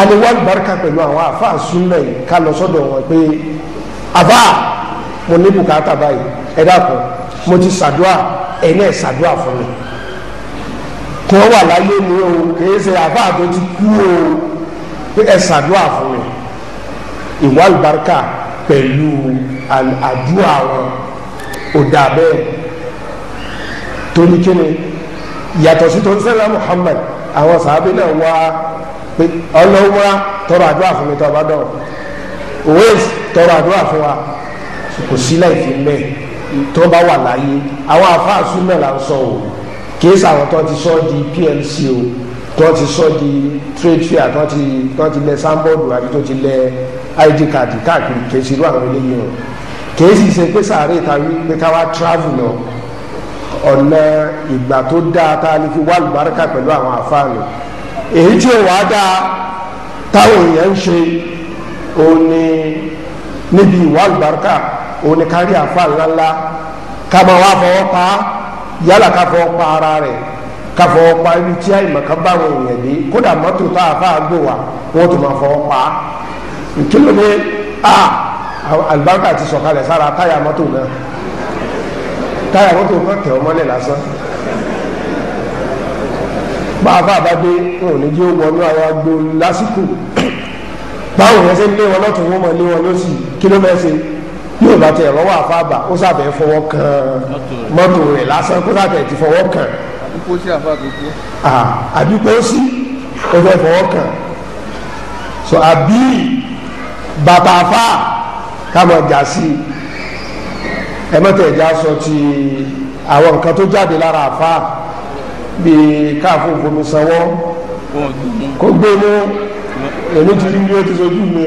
àníwá barika pẹ̀lú àwọn àfáà súnlẹ̀ yìí ká lọ sọ́dọ̀ wọn pé àfà mo ní bùkátà báyìí ẹ dàpọ̀ mo ti ṣàdúà ẹ̀yin náà ṣàdúà fún mi kí wọ́n wà láyé mi o kìí ṣe àfáà tó ti kú o pé ẹ ṣàdúà fún mi ìwà barika pẹ̀lú àdúà wọn ò dà bẹ́ẹ̀ torí kí yàtọ̀ sí tó ń sẹ́lá Muhammad àwọn sàábẹ́ náà wá pé ọlọ́wọ́ra tọrọ àdúrà fún mi tó ọba dọ̀rọ̀ òwe tọrọ àdúrà fún wa kò sí láìfi mẹ́ tó bá wà láyé àwọn afáàsù náà là ń sọ o kìí sàwọn tó ti sọ di PLC o tó ti sọ di trade fair tó ti tó ti lẹ sanbọọdù àti tó ti lẹ ID card káàkiri kìí sí irú àwọn eléyìí o kìí sì ṣe pé sàárè tàbí pé ká wá travel lọ ọ̀nà ìgbà tó dáa tá a lè fi wá àlùbáríkà pẹ̀lú àwọn afáàlù èyí tí ò wá dáa táwọn èèyàn ń ṣe òun ni níbi ìwà àlùbáríkà òun ni kárí àfa ńláńlá ká máa wá fọwọ́ pa á yálà ká fọwọ́ pa ara rẹ̀ ká fọwọ́ pa ibi tí àìmọ̀ká bá àwọn èèyàn dé kódà mọ́tò tá a fà á gbò wá wọ́n tún máa fọwọ́ pa á ìkìlọ̀ ni a àlùbáríkà ti sọ̀kalẹ̀ sára táyà mọ́tò náà táyà mọ́tò náà tẹ̀ ọ́ mọ́lẹ̀ lásán pàápàá bá dé wọn ò ní jẹ́ wọnú àwọn agbo lásìkò báwọn yẹn ṣe lé wọn lọ́tún wọn mọ̀ lé wọn lọ́sì kílómẹ́sì yóò bá tẹ̀ lọ́wọ́ àfàbà ó sàbẹ̀ fọwọ́ kan mọ́tò rẹ̀ lásán kó sàbẹ̀ ti fọwọ́ kan àdúgbò sí ó fẹ́ fọwọ́ kan so àbí bàtà fà kámọ̀ jà sí ẹ mọ̀tẹ̀ ìjà sọ ti àwọn nǹkan tó jáde lára àfà bí káàfófó mi sanwó kó gbé mú èmi ti rí bí ó ti sojú mi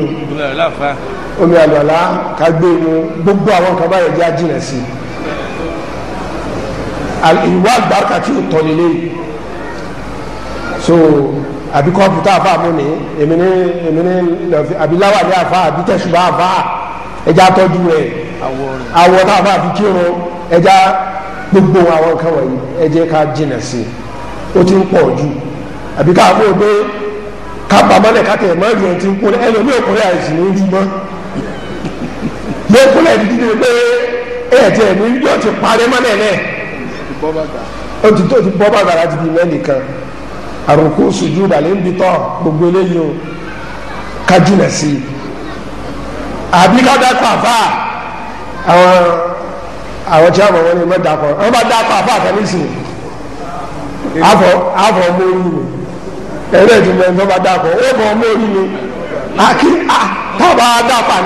o omi àlọ́lá ká gbé mú gbogbo àwọn kan báyìí jẹ́ àjìnà sí ìwà àgbàkà tí ó tọ́ nílé so àbí kọ́mpútà àfa mú ni èmi ní èmi ní lọ́fi àbí láwàdí àfa àbí tẹ̀sùbà àfa ẹja tọ́jú rẹ̀ àwọ̀ tá a fa àfi kírun ẹja gbogbo àwọn nǹkan wọ̀nyí ẹ jẹ́ ká jìnà sí i ó ti ń pọ̀ jù àbí káàbò pé kábàámọ́lẹ̀ káàtẹ̀ mọ́ ìlú ọ̀hún ti ń kúnlẹ̀ ẹlòmí òkúnlẹ̀ àìsàn ń rí mọ́ yóò kúnlẹ̀ dídí ni pé ẹ̀ẹ́dẹ̀ mi yóò ti parẹ́ mọ́lẹ̀ náà o ti tó ti bọ́ bàbà láti di mẹ́nìkan àròkó sojú balẹ̀ ń bi tọ́ gbogbo eléyìí o kájúnà sí i àbí ká dákọ̀ àfà àwọn àwọn tí a mọ̀ wọn ni wọ́n dákọ̀ wọ́n bá dákọ̀ àfà àtàlẹ́sìn afọ afọ ọmọ orí mi ẹ̀rẹ́ ìdìbò bá dàpọ̀ ó bọ̀ ọmọ orí mi tábà dàpọ̀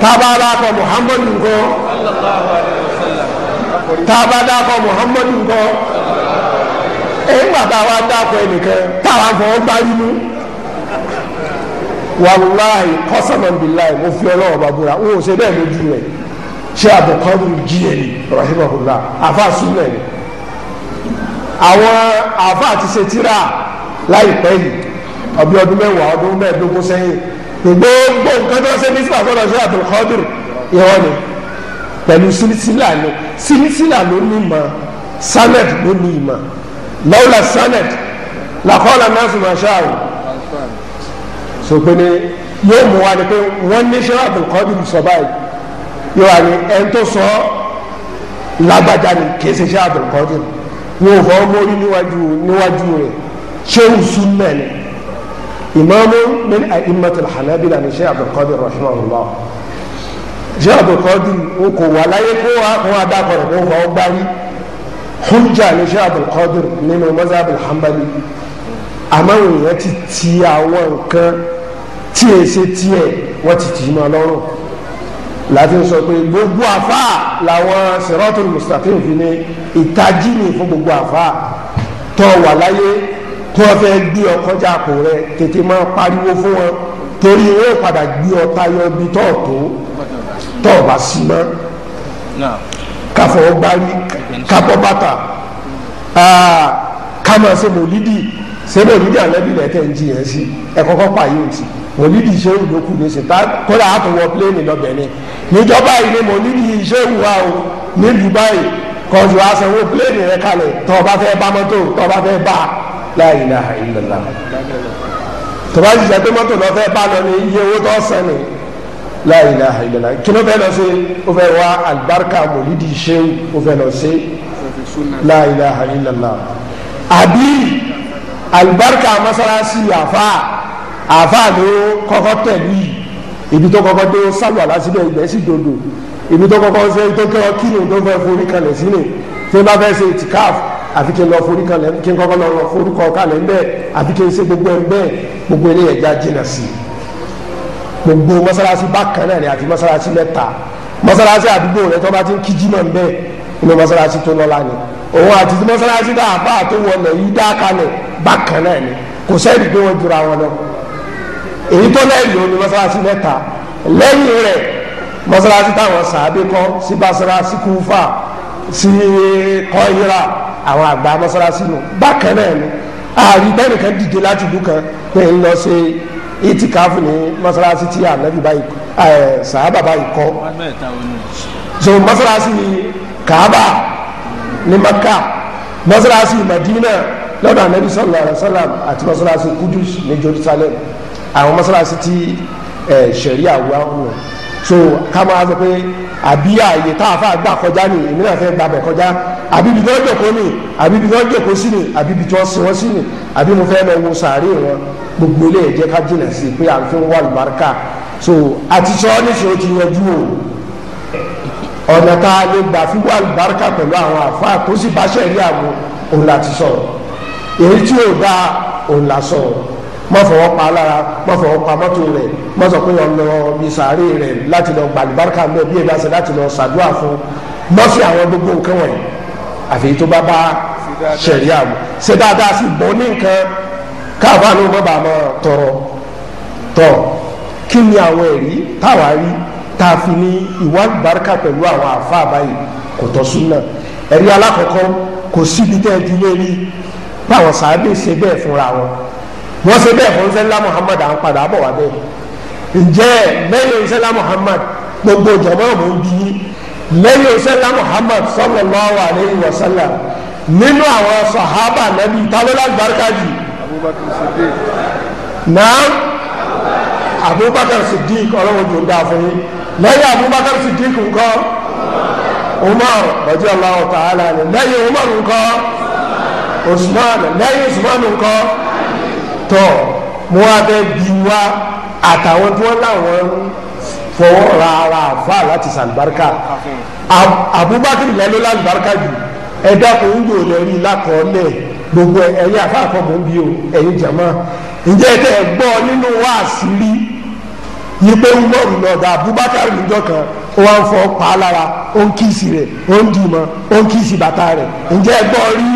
tábà dàpọ̀ Muhammadu kan tábà dàpọ̀ Muhammadu dàpọ̀ ẹnìkan kọ́sọ̀mọ̀ bìláì ṣé abdulkadir jiyẹni rahimahullah afa sunna ni àwọn afa ti ṣe tírà láìpẹ́ yìí ọbí ọdún mẹ́wàá ọdún mẹ́ẹ̀ẹ́dógún sẹ́yìn gbogbo nǹkan tó ṣe ní sípàsọ́dọ̀ ṣé abdulkadir ìwọ ni pẹ̀lú silisila ni silisila ló ní ìmọ̀ sanad ló ní ìmọ̀ lọ́wọ́lá sanad làkọ́lá náà sùn máa ṣáà so pé ni yóò mú wa ni pé wọ́n ní ṣé abdulkadir yóò wá ní ẹni tó sọ lágbájá ni kìí ṣe ṣe àbẹ̀kọ́dé wọn ò fọ́ mórí níwájú níwájú rẹ̀ ṣéwù súnmọ́ ni ìmáàmù min a'immatil hanabila ni ṣe àbẹ̀kọ́dé rahimahullah ṣe àbẹ̀kọ́dé o kò wà láyé kó wa kó wa dákọ̀ rẹ̀ kó wa ó gbárí hujja ni ṣe àbẹ̀kọ́dé nínú mazhab al-hanbali àmọ́ òyìnbó ti ti àwọn nǹkan tí èsì tiẹ̀ wọ́n ti tì í mọ́ lọ́rùn láti sọ pé gbogbo àfa làwọn siratul mustaqim fi ní ìtají ni fún gbogbo àfa tó wà láyé tó fẹ́ gbé ọ kọjá kò rẹ tètè máa pariwo fún wọn torí wọn padà gbé ọ tayọ bí tọ̀ tó tọ̀ bá sí mọ́ káfọ́ gbárí kábọ́ bàtà ká máa ṣe mòlídìí ṣe mòlídìí àlẹ́bí lẹ́tẹ̀ ń jiyàn sí ẹ̀kọ́kọ́ pààyè òtí onídìí sẹ́wù ló kù ní sèta kódà á tún wọ pléènì lọ́bẹ̀ ni níjọba yìí ni mo nídìí sẹ́wù wa o nílùú báyìí kọ́ńtù wa sanwó pléènì rẹ kalẹ̀ tó o bá fẹ́ bá mọ́tò tó o bá fẹ́ bá la ilaha illallah tó o bá ti sẹ́gbẹ́ mọ́tò lọ fẹ́ bá lọ ní iye owó tó sàn ní la ilaha illallah kí ló fẹ́ lọ sí o fẹ́ wá alibarika mọ̀lídìí sẹ́wù o fẹ́ lọ sí la ilaha illallah àáfàá ló kọ́kọ́ tẹ̀lú yìí ibi tó kọ́kọ́ dé sálù àlásílẹ̀ ibẹ̀ sì dodo ibi tó kọ́kọ́ ṣe tó kẹ́ ọ kírun tó fẹ́ forí kalẹ̀ sílẹ̀ tí wọ́n bá fẹ́ ṣe ìtìkáàf àfi kí n lọ forí kalẹ̀ kí n kọ́kọ́ lọ forúkọ kalẹ̀ ń bẹ́ẹ̀ àfi kí n ṣe gbogbo ẹ̀ ń bẹ́ẹ̀ gbogbo eléyẹ̀ já jìnà sí i gbogbo mọ́sálásí bákan náà ni àti mọ́sálásí mẹ́ta mọ́sálásí àdúgbò rẹ tó bá ti ń kíjí ni òun àti mọ́sálásí dáa èyí tó lẹ́yìn òní mọ́sálásí mẹ́ta lẹ́yìn rẹ̀ mọ́sálásí táwọn sàábé kọ́ sí basara sí kúfà sí kọ́híra àwọn àgbà mọ́sálásí nù bákan náà ni ààrí tẹ́nìkan dìde láti ìlú kan pé ń lọ ṣe ìtìkáfù ní mọ́sálásí tí ànábì báyìí sàábà báyìí kọ́ so mọ́sálásí kaaba ní maka mọ́sálásí madina lọ́dọ̀ ànábì sallallahu alaihi wasallam àti mọ́sálásí kudus ní jerusalem àwọn mọ́sálásí tí ṣẹ̀ríà wà wọ̀ so ká máa sọ pé àbí ààyè tá a fà gbà kọjá ni èmi náà fẹ́ gbà bẹ̀ kọjá àbí ibi tí wọ́n jòkó ni àbí ibi tí wọ́n jòkó sí ni àbí ibi tí wọ́n sin wọ́n sí ni àbí mo fẹ́ lọ wo sàárè wọn gbogbo ilé ẹ̀jẹ̀ ká jìnà sí i pé à ń fi wà lùbáríkà so àti sọ níṣẹ́ o ti yanjú o ọ̀nà tá a lè gbà fi wà lùbáríkà pẹ̀lú àwọn àfáà tó sì bá ṣẹ̀rí àwọn òun là ti sọ̀rọ̀ èyí tí ò dáa òun là sọ̀rọ̀ má fọwọ́ pa lára má fọwọ́ pa mọ́tò rẹ̀ má sọ pé ọ̀nà ìsàárè rẹ̀ láti lọ gbàlùbáríkà mẹ́ bí èdè àṣẹ láti lọ ṣàdúrà fún má fi àwọn gbogbo nǹkan wọ̀nyí àfi tó bá bá ṣẹ̀ríà mu ṣe dáadáa sì bọ́ ní nǹkan káàbá ló má bàa máa tọrọ tọ kí ni àwọn ẹ̀rí táwa rí tá a fi ní ìwà àlùbáríkà pẹ̀lú àwọn àfáà báyìí kò tọ́ wọ́n ṣe bẹ́ẹ̀ fún sẹ́lá Muhammad à ń padà bọ̀ wá bẹ́ẹ̀ ǹjẹ́ lẹ́yìn sẹ́lá Muhammad gbogbo jọ̀mọ́ mò ń bí lẹ́yìn sẹ́lá Muhammad sallallahu alaihi wasallam nínú àwọn sàhábà nàbí ìtàlọ́lá gbàrúkà jù náà Abubakar Siddiq ọlọ́run tó ń dá fún yín lẹ́yìn Abubakar Siddiq nǹkan Umar radiyallahu ta'ala lẹ́yìn Umar nǹkan Usman lẹ́yìn Usman nǹkan tọ́ mo wá fẹ́ bi wá àtàwọn tí wọ́n láwọn ń fọwọ́ ra ara àfa láti sàlùbáríkà Abubakar lẹ́nu lálùbáríkà jù ẹ dákun ń yòó lẹ́rí lákọọ́lẹ̀ gbogbo ẹ̀yin àfa àkọ́bọ̀ ń bi o ẹ̀yin jàmá ǹjẹ́ ẹ tẹ́ ẹ gbọ́ nínú wáàsí rí yìí pé Umaru lọ́dọ̀ Abubakar níjọ́ kan ó wá ń fọ pa á lára ó ń kíìsì rẹ̀ ó ń dì ó ń kíìsì bàtà rẹ̀ ǹjẹ́ ẹ gbọ́ rí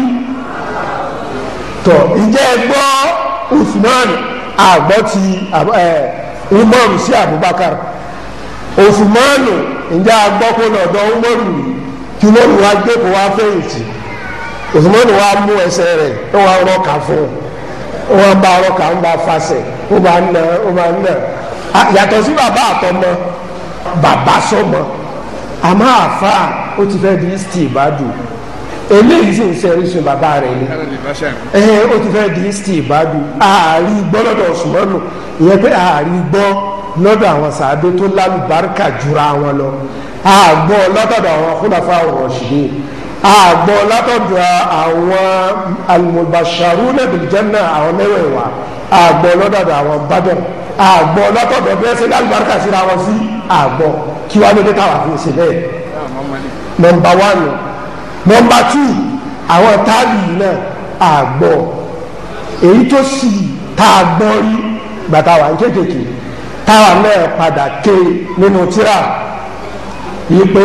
tọ̀ ǹjẹ́ ẹ gbọ́ Uthman àgbọ́ ti Umar sí Abubakar Uthman ǹjẹ́ àgbọ́ lọ́dọ̀ Umar yìí kí wa gbẹ́kọ̀ọ́ wa fẹ̀yìntì Uthman wa mú ẹsẹ̀ rẹ̀ ó wa rọ́ọ̀kà fún un wọ́n bá rọ́ọ̀kà ń bá fasẹ̀ ó bá ń nà ó bá ń nà yàtọ̀ sí bàbá àtọmọ ti fẹ́ di eléyìí sì ń sẹ́ríṣun bàbá rẹ̀ ni ẹ o ti fẹ́ di st ìbádùn ààrí gbọ́ lọ́dọ̀ ọ̀ṣunmọ́nù ìyẹn pé ààrí gbọ́ lọ́dọ̀ àwọn sàádé tó lálùbáríkà jura wọn lọ àgbọ̀ látọ̀dọ̀ àwọn kúndàfà ọ̀rọ̀ṣìdè àgbọ̀ látọ̀dọ̀ àwọn al-mubashsharuna bil janna àwọn mẹ́wẹ̀ẹ̀wà àgbọ̀ lọ́dọ̀dọ̀ àwọn badr àgbọ̀ látọ̀dọ̀ bẹ́ẹ̀ sẹ́ lálùbáríkà síra wọn sí àgbọ̀ kí wàá lóde táwa fi ń ṣe bẹ́ẹ̀ nọ́mbà wánu nọmba tù àwọn táàbì yìí náà àgbọ̀ èyí tó sì tá a gbọ́ rí gbàtà wà ní kéékèèké táwa náà padà ké nínú tíra yìí pé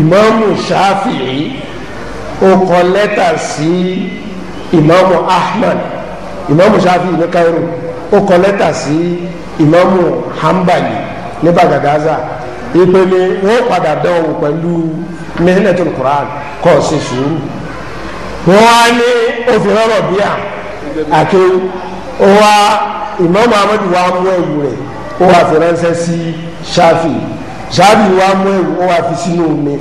ìmáàmù Ṣáfi'í ó kọ lẹ́tà sí ìmáàmù Ahmad ìmáàmù Ṣáfi'í ní Cairo ó kọ lẹ́tà sí ìmáàmù Hanbali ní Bagadaza yìí pé ni wọ́n padà dánwò pẹ̀lú mihilatul quran kọ́ ṣe sùúrù wọ́n á ní òfin rọrọ̀ bíà àkéwù wa ìmáàmù amadu wa mú ẹ̀wù rẹ̀ ó wà fi ránṣẹ́ sí ṣáfì ṣáfì wa mú ẹ̀wù ó wà fi sínú omi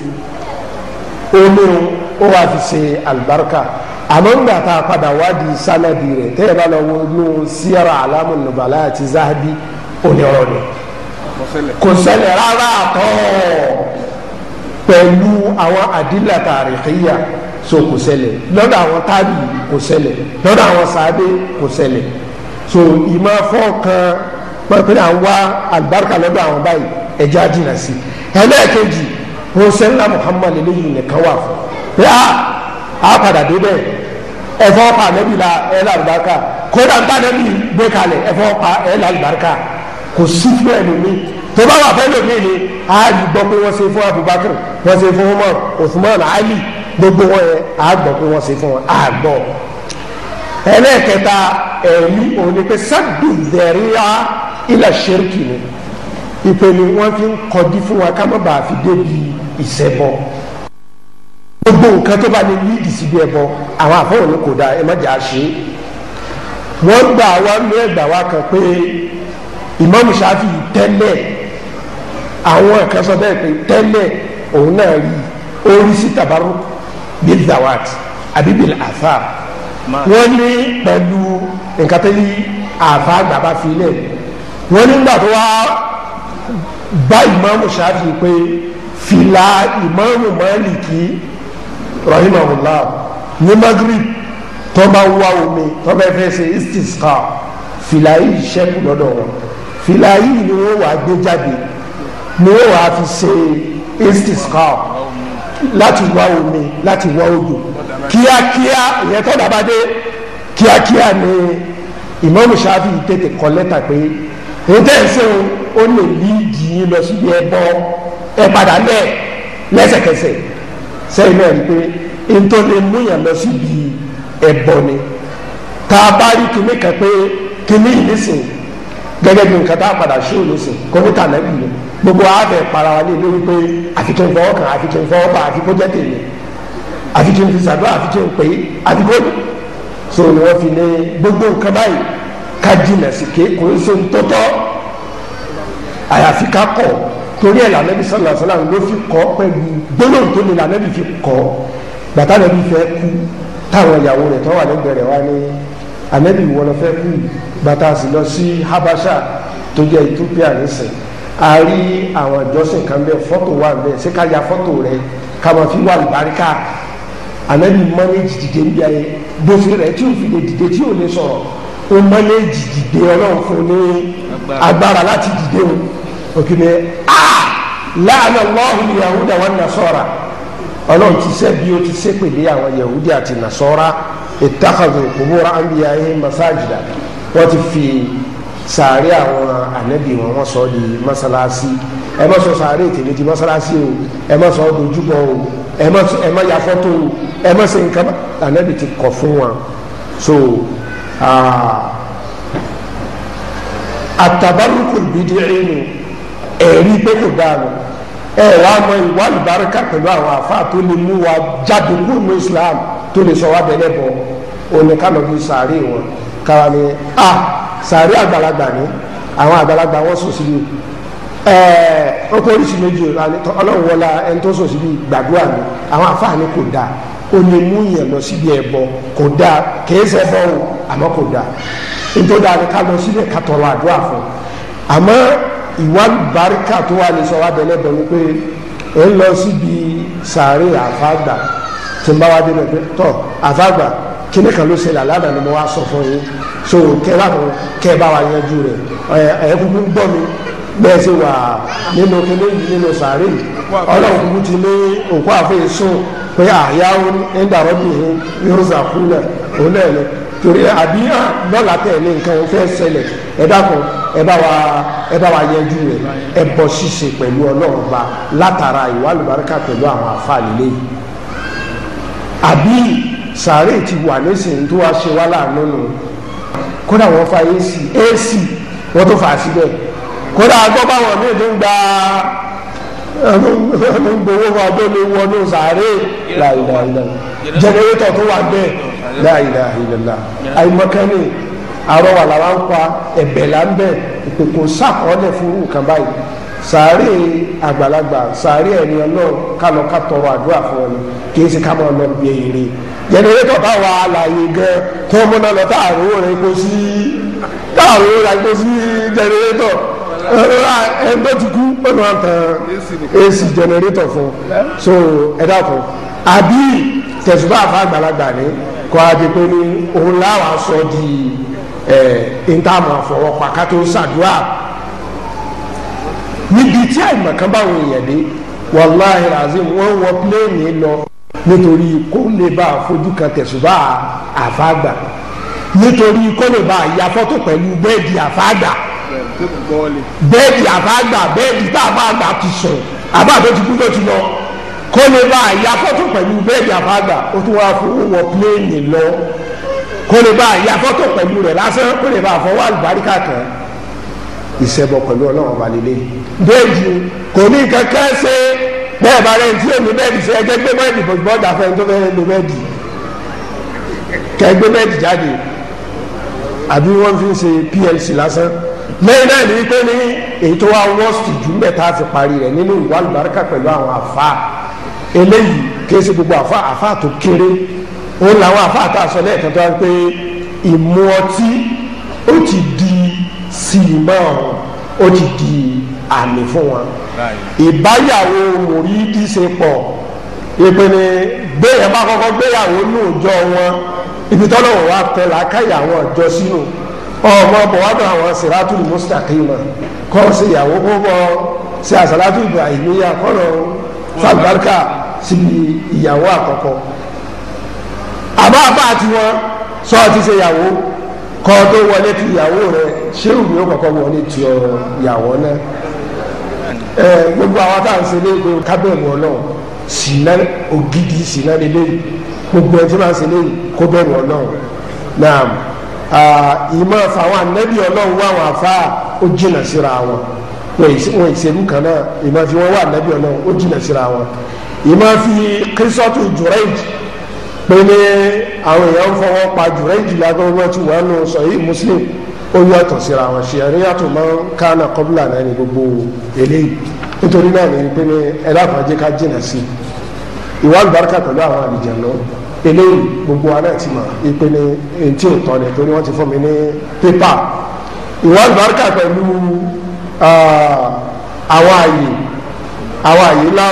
omi ó wà fi ṣe àlùbáríkà àmọ́ ńgbà tá a padà wádìí sálẹ̀dì rẹ̀ tẹ́lẹ̀ bá lọ wo inú síyàrá alámù nùbàlá àti záhábì òní ni kò ṣẹlẹ̀ rárá àtọ́ pẹ̀lú àwọn àdìlà tàríkìyà so kò ṣẹlẹ̀ lọ́dọ̀ àwọn tábì kò ṣẹlẹ̀ lọ́dọ̀ àwọn sàábé kò ṣẹlẹ̀ so ìmọ̀ fọ́ọ̀kan pẹ̀lú àwọn àlùbáríkà lọ́dọ̀ àwọn báyìí ẹja jìnnà sí ẹlẹ́ẹ̀kejì hosẹ́nà muhammad eléyìí nìkan wà fún pé a a padà débẹ̀ ẹ̀fọ́ pa nẹ́bí la ẹ̀ làlùbáríkà kódà ń bá nẹ́bí gbé kalẹ̀ ẹ̀fọ́ pa ẹ̀ làlùbáríkà kò sí fún ẹ̀ tó bá wà fẹ́lòmíì ni a rí gbọ́ pé wọ́n ṣe fún Abubakar wọ́n ṣe fún Umar Usman Ali gbogbo wọn yẹn a gbọ́ pé wọ́n ṣe fún wọn a gbọ́ ẹlẹ́ẹ̀kẹta ẹ̀rí òun ni pé sádù dẹ̀ríà ilẹ̀ ṣẹ́ríkì ni ìpè ni wọ́n fi ń kọjú fún wa ká má bàa fi débi ìṣẹ́bọ gbogbo nǹkan tó bá ní lídìí síbi ẹbọ àwọn àfọwọ́n ni kò dáa ẹ má jà á ṣe é wọ́n gbà wá ló ẹgbà wá kan pé ìmáàmù Ṣáfì tẹ́lẹ̀ àwọn kan bẹ́ẹ̀ pé tẹ́lẹ̀ òun náà rí orí sí tabarú bíi zawat àbí bíi àfà wọ́n ní pẹ̀lú nǹkan tẹ́lẹ̀ àfà gbàgbà filẹ̀ wọ́n nígbà tó wá bá ìmáàmù ṣáfì pé fìlà ìmáàmù Málìkì rahimahullah ní Maghrib tó bá wá omi tó bá fẹ́ ṣe istisqa fìlà yìí ṣẹ́kù lọ́dọ̀ wọn fìlà yìí ni wọ́n wàá gbé jáde ni ó wàá fi ṣe istisqa láti wá omi láti wá odò kíákíá ìyẹn tó dàbá dé kíákíá ni ìmáàmù Ṣáfì tètè kọ lẹ́tà pé èyí tẹ́ ẹ̀ ṣe o ó lè líìdì yín lọ síbi ẹbọ ẹ padà lẹ̀ lẹ́sẹ̀kẹsẹ̀ sẹ́yìn náà rí pé ntọ́lẹ̀ múyàn lọ síbi ẹbọ ni tá a bá rí kíní kan pé kíní yìí nísìn gẹ́gẹ́ bí nǹkan tá a padà ṣó nísìn kọ́mítà náà yìí gbogbo àfẹ para wa lé lórí pé àfi kí n fọwọ́ kan àfi kí n fọwọ́ pa àfi kó jẹ́ tèmi àfi kí n fi sàdó àfi kí n pè é àfi kó so ni wọ́n fi ní gbogbo nǹkan báyìí ká jìnà sí ké kò ń so tọ́tọ́ àyàfi ká kọ̀ torí ẹ̀ lànàbí sọ̀lá sọ̀lá ló fi kọ́ pẹ̀lú gbólóhùn tó ní lànàbí fi kọ́ bàtà lẹ́bí fẹ́ kú táwọn ìyàwó rẹ̀ tọ́wà lẹ́gbẹ̀ẹ́ rẹ̀ wá ní ànàbí ìwọ fẹ́ kú bàtà sì lọ sí Habasha tó jẹ́ Ethiopia nísìnyí a rí àwọn ìjọsìn kan bẹ́ẹ̀ fọ́tò wà bẹ́ẹ̀ ṣé ká ya fọ́tò rẹ ká máa fi wà lùbáríkà ànábì mọ́nẹ́jì dìde níbi ayé gbèsè rẹ tí ò fi lè dìde tí ò lè sọ̀rọ̀ ó mọ́nẹ́jì dìde ọlọ́run fún ní agbára láti dìde o òkè ni a láàánú ọlọ́run yahuda wọn nasọ́ra ọlọ́run ti sẹ́ bí ó ti sẹ́ pèlè àwọn yahudi àti nasọ́ra ìtàkàdùn kòmóra àmì ayé masajida wọ́n ti fi sàárè àwọn ànábì wọn wọ́n sọ di mọ́sálásí ẹ má sọ sàárè tèmi di mọ́sálásí o ẹ má sọ dojúbọ o ẹ má ẹ má ya fọ́tò o ẹ má ṣe nǹkan ànábì ti kọ̀ fún wọn so àtàbárùkù bìdí ẹnu ẹ̀rí pé kò dáa lọ ẹ wàá mọ ìwà ìbáraka pẹ̀lú àwọn àfáà tó lè mú wa jáde kúrò ní Islam tó lè sọ wá bẹ̀rẹ̀ bọ̀ òní ká wọn kára ni a. Ah, sàárì àgbàlagbà ni àwọn àgbàlagbà wọn sùn síbi ẹẹ ó pé oríṣi méjì ọlọ́run wọlá ẹni tó sùn síbi gbàdúrà ni àwọn àfáàní kò dáa ó ní mú yẹn lọ síbi ẹbọ kò dáa kìí ṣẹbọ o àmọ́ kò dáa nítorí dáa ni ká lọ síbẹ̀ ká tọrọ àdúrà fún àmọ́ ìwà bàríkà tó wà ní sọ wá bẹ̀rẹ̀ bẹ̀rẹ̀ pé ẹ ń lọ síbi sàárì àfáàgbà tí ń bá wá dé lọ pé tọ àfáàgbà ló ṣẹlẹ̀ àlànà ni mo wá sọ fún yín so kẹwàá kan kẹbà wà yanjú rẹ ẹ kúkú ń gbọ́ mi bẹ́ẹ̀ sì wà nínú kíní yìí nínú sàárè ọlọ́run kúkú ti ní òkú àfẹ́yẹ sùn pé àyáwó ń dàrọ́ bí yóò zàkú náà òun náà lọ torí àbí lọ́la tẹ̀lé nǹkan fẹ́ ṣẹlẹ̀ ẹ dákun ẹ bá wa ẹ bá wa yanjú rẹ ẹ bọ ṣíṣe pẹ̀lú ọlọ́run ba látara ìwà àlùbáríkà pẹ̀lú àwọn àfààní lẹ́yìn àbí sàárè ti wà nísìnyí tó wá ṣe wá láàánú nù kódà wọ́n fa ac ac wọ́n tó fà á síbẹ̀ kódà gbọ́ báwọn míì tó ń gba ló ń gbowó fún abẹ́ ló wọnú sàárè láìláìlá jẹnẹrétọ̀ tó wà bẹ́ẹ̀ láìláìlá àìmọ̀kánì àrọwà làwọn pa ẹ̀bẹ̀ là ń bẹ̀ ìpè kò sàkọọ́lẹ̀ fún nǹkan báyìí sàárè àgbàlagbà sàárè ẹni ọlọ́run kálọ ká tọrọ àdúrà fún ọ ni kì í ṣe ká máa lọ bí èrè jẹnẹrétọ bá wà láàyè gan tó ń múná lọ táàrò rẹ kó sí táàrò rẹ kó sí jẹnẹrétọ ẹgbẹ́ ti kú pẹ̀lú àtàn èsì jẹnẹrétọ fún so ẹ dàpọ̀ àbí tẹ̀sùbá àfa àgbàlagbà ni kọ́ adé pé ní òun láwàá sọ di ẹ̀ ń tà ká tó ṣàdúrà níbi tí àìmọ̀kan báwọn èèyàn dé wàláhì azim wọ́n wọ pléènì lọ nítorí kó lè bá fojú kan tẹ̀sùbá àfáàgbà nítorí kó lè bá ya fọ́tò pẹ̀lú bẹ́ẹ̀dì àfáàgbà bẹ́ẹ̀dì àfáàgbà bẹ́ẹ̀dì tá àfáàgbà ti sùn àbá tó ti kú tó ti lọ kó lè bá ya fọ́tò pẹ̀lú bẹ́ẹ̀dì àfáàgbà ó tún wá fowó wọ pléènì lọ kó lè bá ya fọ́tò pẹ̀lú rẹ̀ lásán kó lè bá fọwọ́ àlùbáríkà kan ìṣẹ́bọ pẹ̀lú ọlọ́run ọba lílé déèjì kò ní kankan ṣe bẹ́ẹ̀ bá rẹ̀ tí èmi bẹ́ẹ̀ ṣe ẹgbẹ́ gbé bẹ́ẹ̀dì bọ́ọ̀dà fẹ́ni tó fẹ́ẹ́ lo bẹ́ẹ̀dì kẹgbẹ́ bẹ́ẹ̀dì jáde àbí wọ́n fi ń ṣe plc lásán lẹ́yìn náà ní pé ní èyí tó wá wọ́ọ̀sì jù mẹ́ tá a fi parí rẹ̀ nínú ìwà àlùbáríkà pẹ̀lú àwọn àfa eléyìí kì í ṣe gbogbo àfa àfa tó kéré ó làwọn àfa àtàṣọ lẹ́ẹ̀kan tó wá pé ìmú sílímà o ó ti di àmì fún wọn ìbáyàwó mùrídìí ṣe pọ̀ ìpinnu gbéyàn bá kọ́kọ́ gbéyàwó lóòjọ́ wọn ibi tọ́lọ́wọ́ wa tẹ làákàyà àwọn ọ̀jọ́ sínú ọmọ bọ̀wádọ̀ àwọn siratul mustaqima kọ́ sí ìyàwó púpọ̀ sí àsàlátù ibrahimiya kọ́nà fàlùbáríkà sí ìyàwó àkọ́kọ́ àbá àbá àti wọn sọ ti ṣe ìyàwó. So, kọ́ tó wọlé ti ìyàwó rẹ ṣé òun yóò kọ́kọ́ wọlé ti ọ ìyàwó náà ẹ gbogbo àwọn tá à ń ṣe léègbé kábẹ́ẹ̀mù ọlọ́run sìnà ògidì sìnà lélẹ́yìn gbogbo ẹ̀ tí máa ń ṣe léyìn kó bẹ̀rù ọlọ́run náà ìmọ̀ fáwọn anẹ́bí ọlọ́run wá àwọn afá ó jìnà síra wọn wọn ìṣèlú kan náà ìmọ̀ fi wọn wá anẹ́bí ọlọ́run ó jìnà síra wọn ìmọ̀ fi kírísọ́tù jùrẹ́jì pé ní àwọn èèyàn ń fọwọ́ pa jùrẹ́jì lábẹ́ wọn ti wà nù sọ̀yí muslim ó yàtọ̀ síra àwọn ṣe ẹ̀rí yàtọ̀ máa ń kánà kọ́bùlà náà ní gbogbo eléyìí nítorí náà ní pé ní ẹlẹ́fàájẹ́ ká jìnà sí i ìwà àlùbáríkà pẹ̀lú àwọn àlùjẹ̀ náà eléyìí gbogbo aná ti mọ̀ ipe ní etí òtọ́ ni torí wọ́n ti fún mi ní pépà ìwà àlùbáríkà pẹ̀lú ah, àwọn àyè àwọn àyè ńlá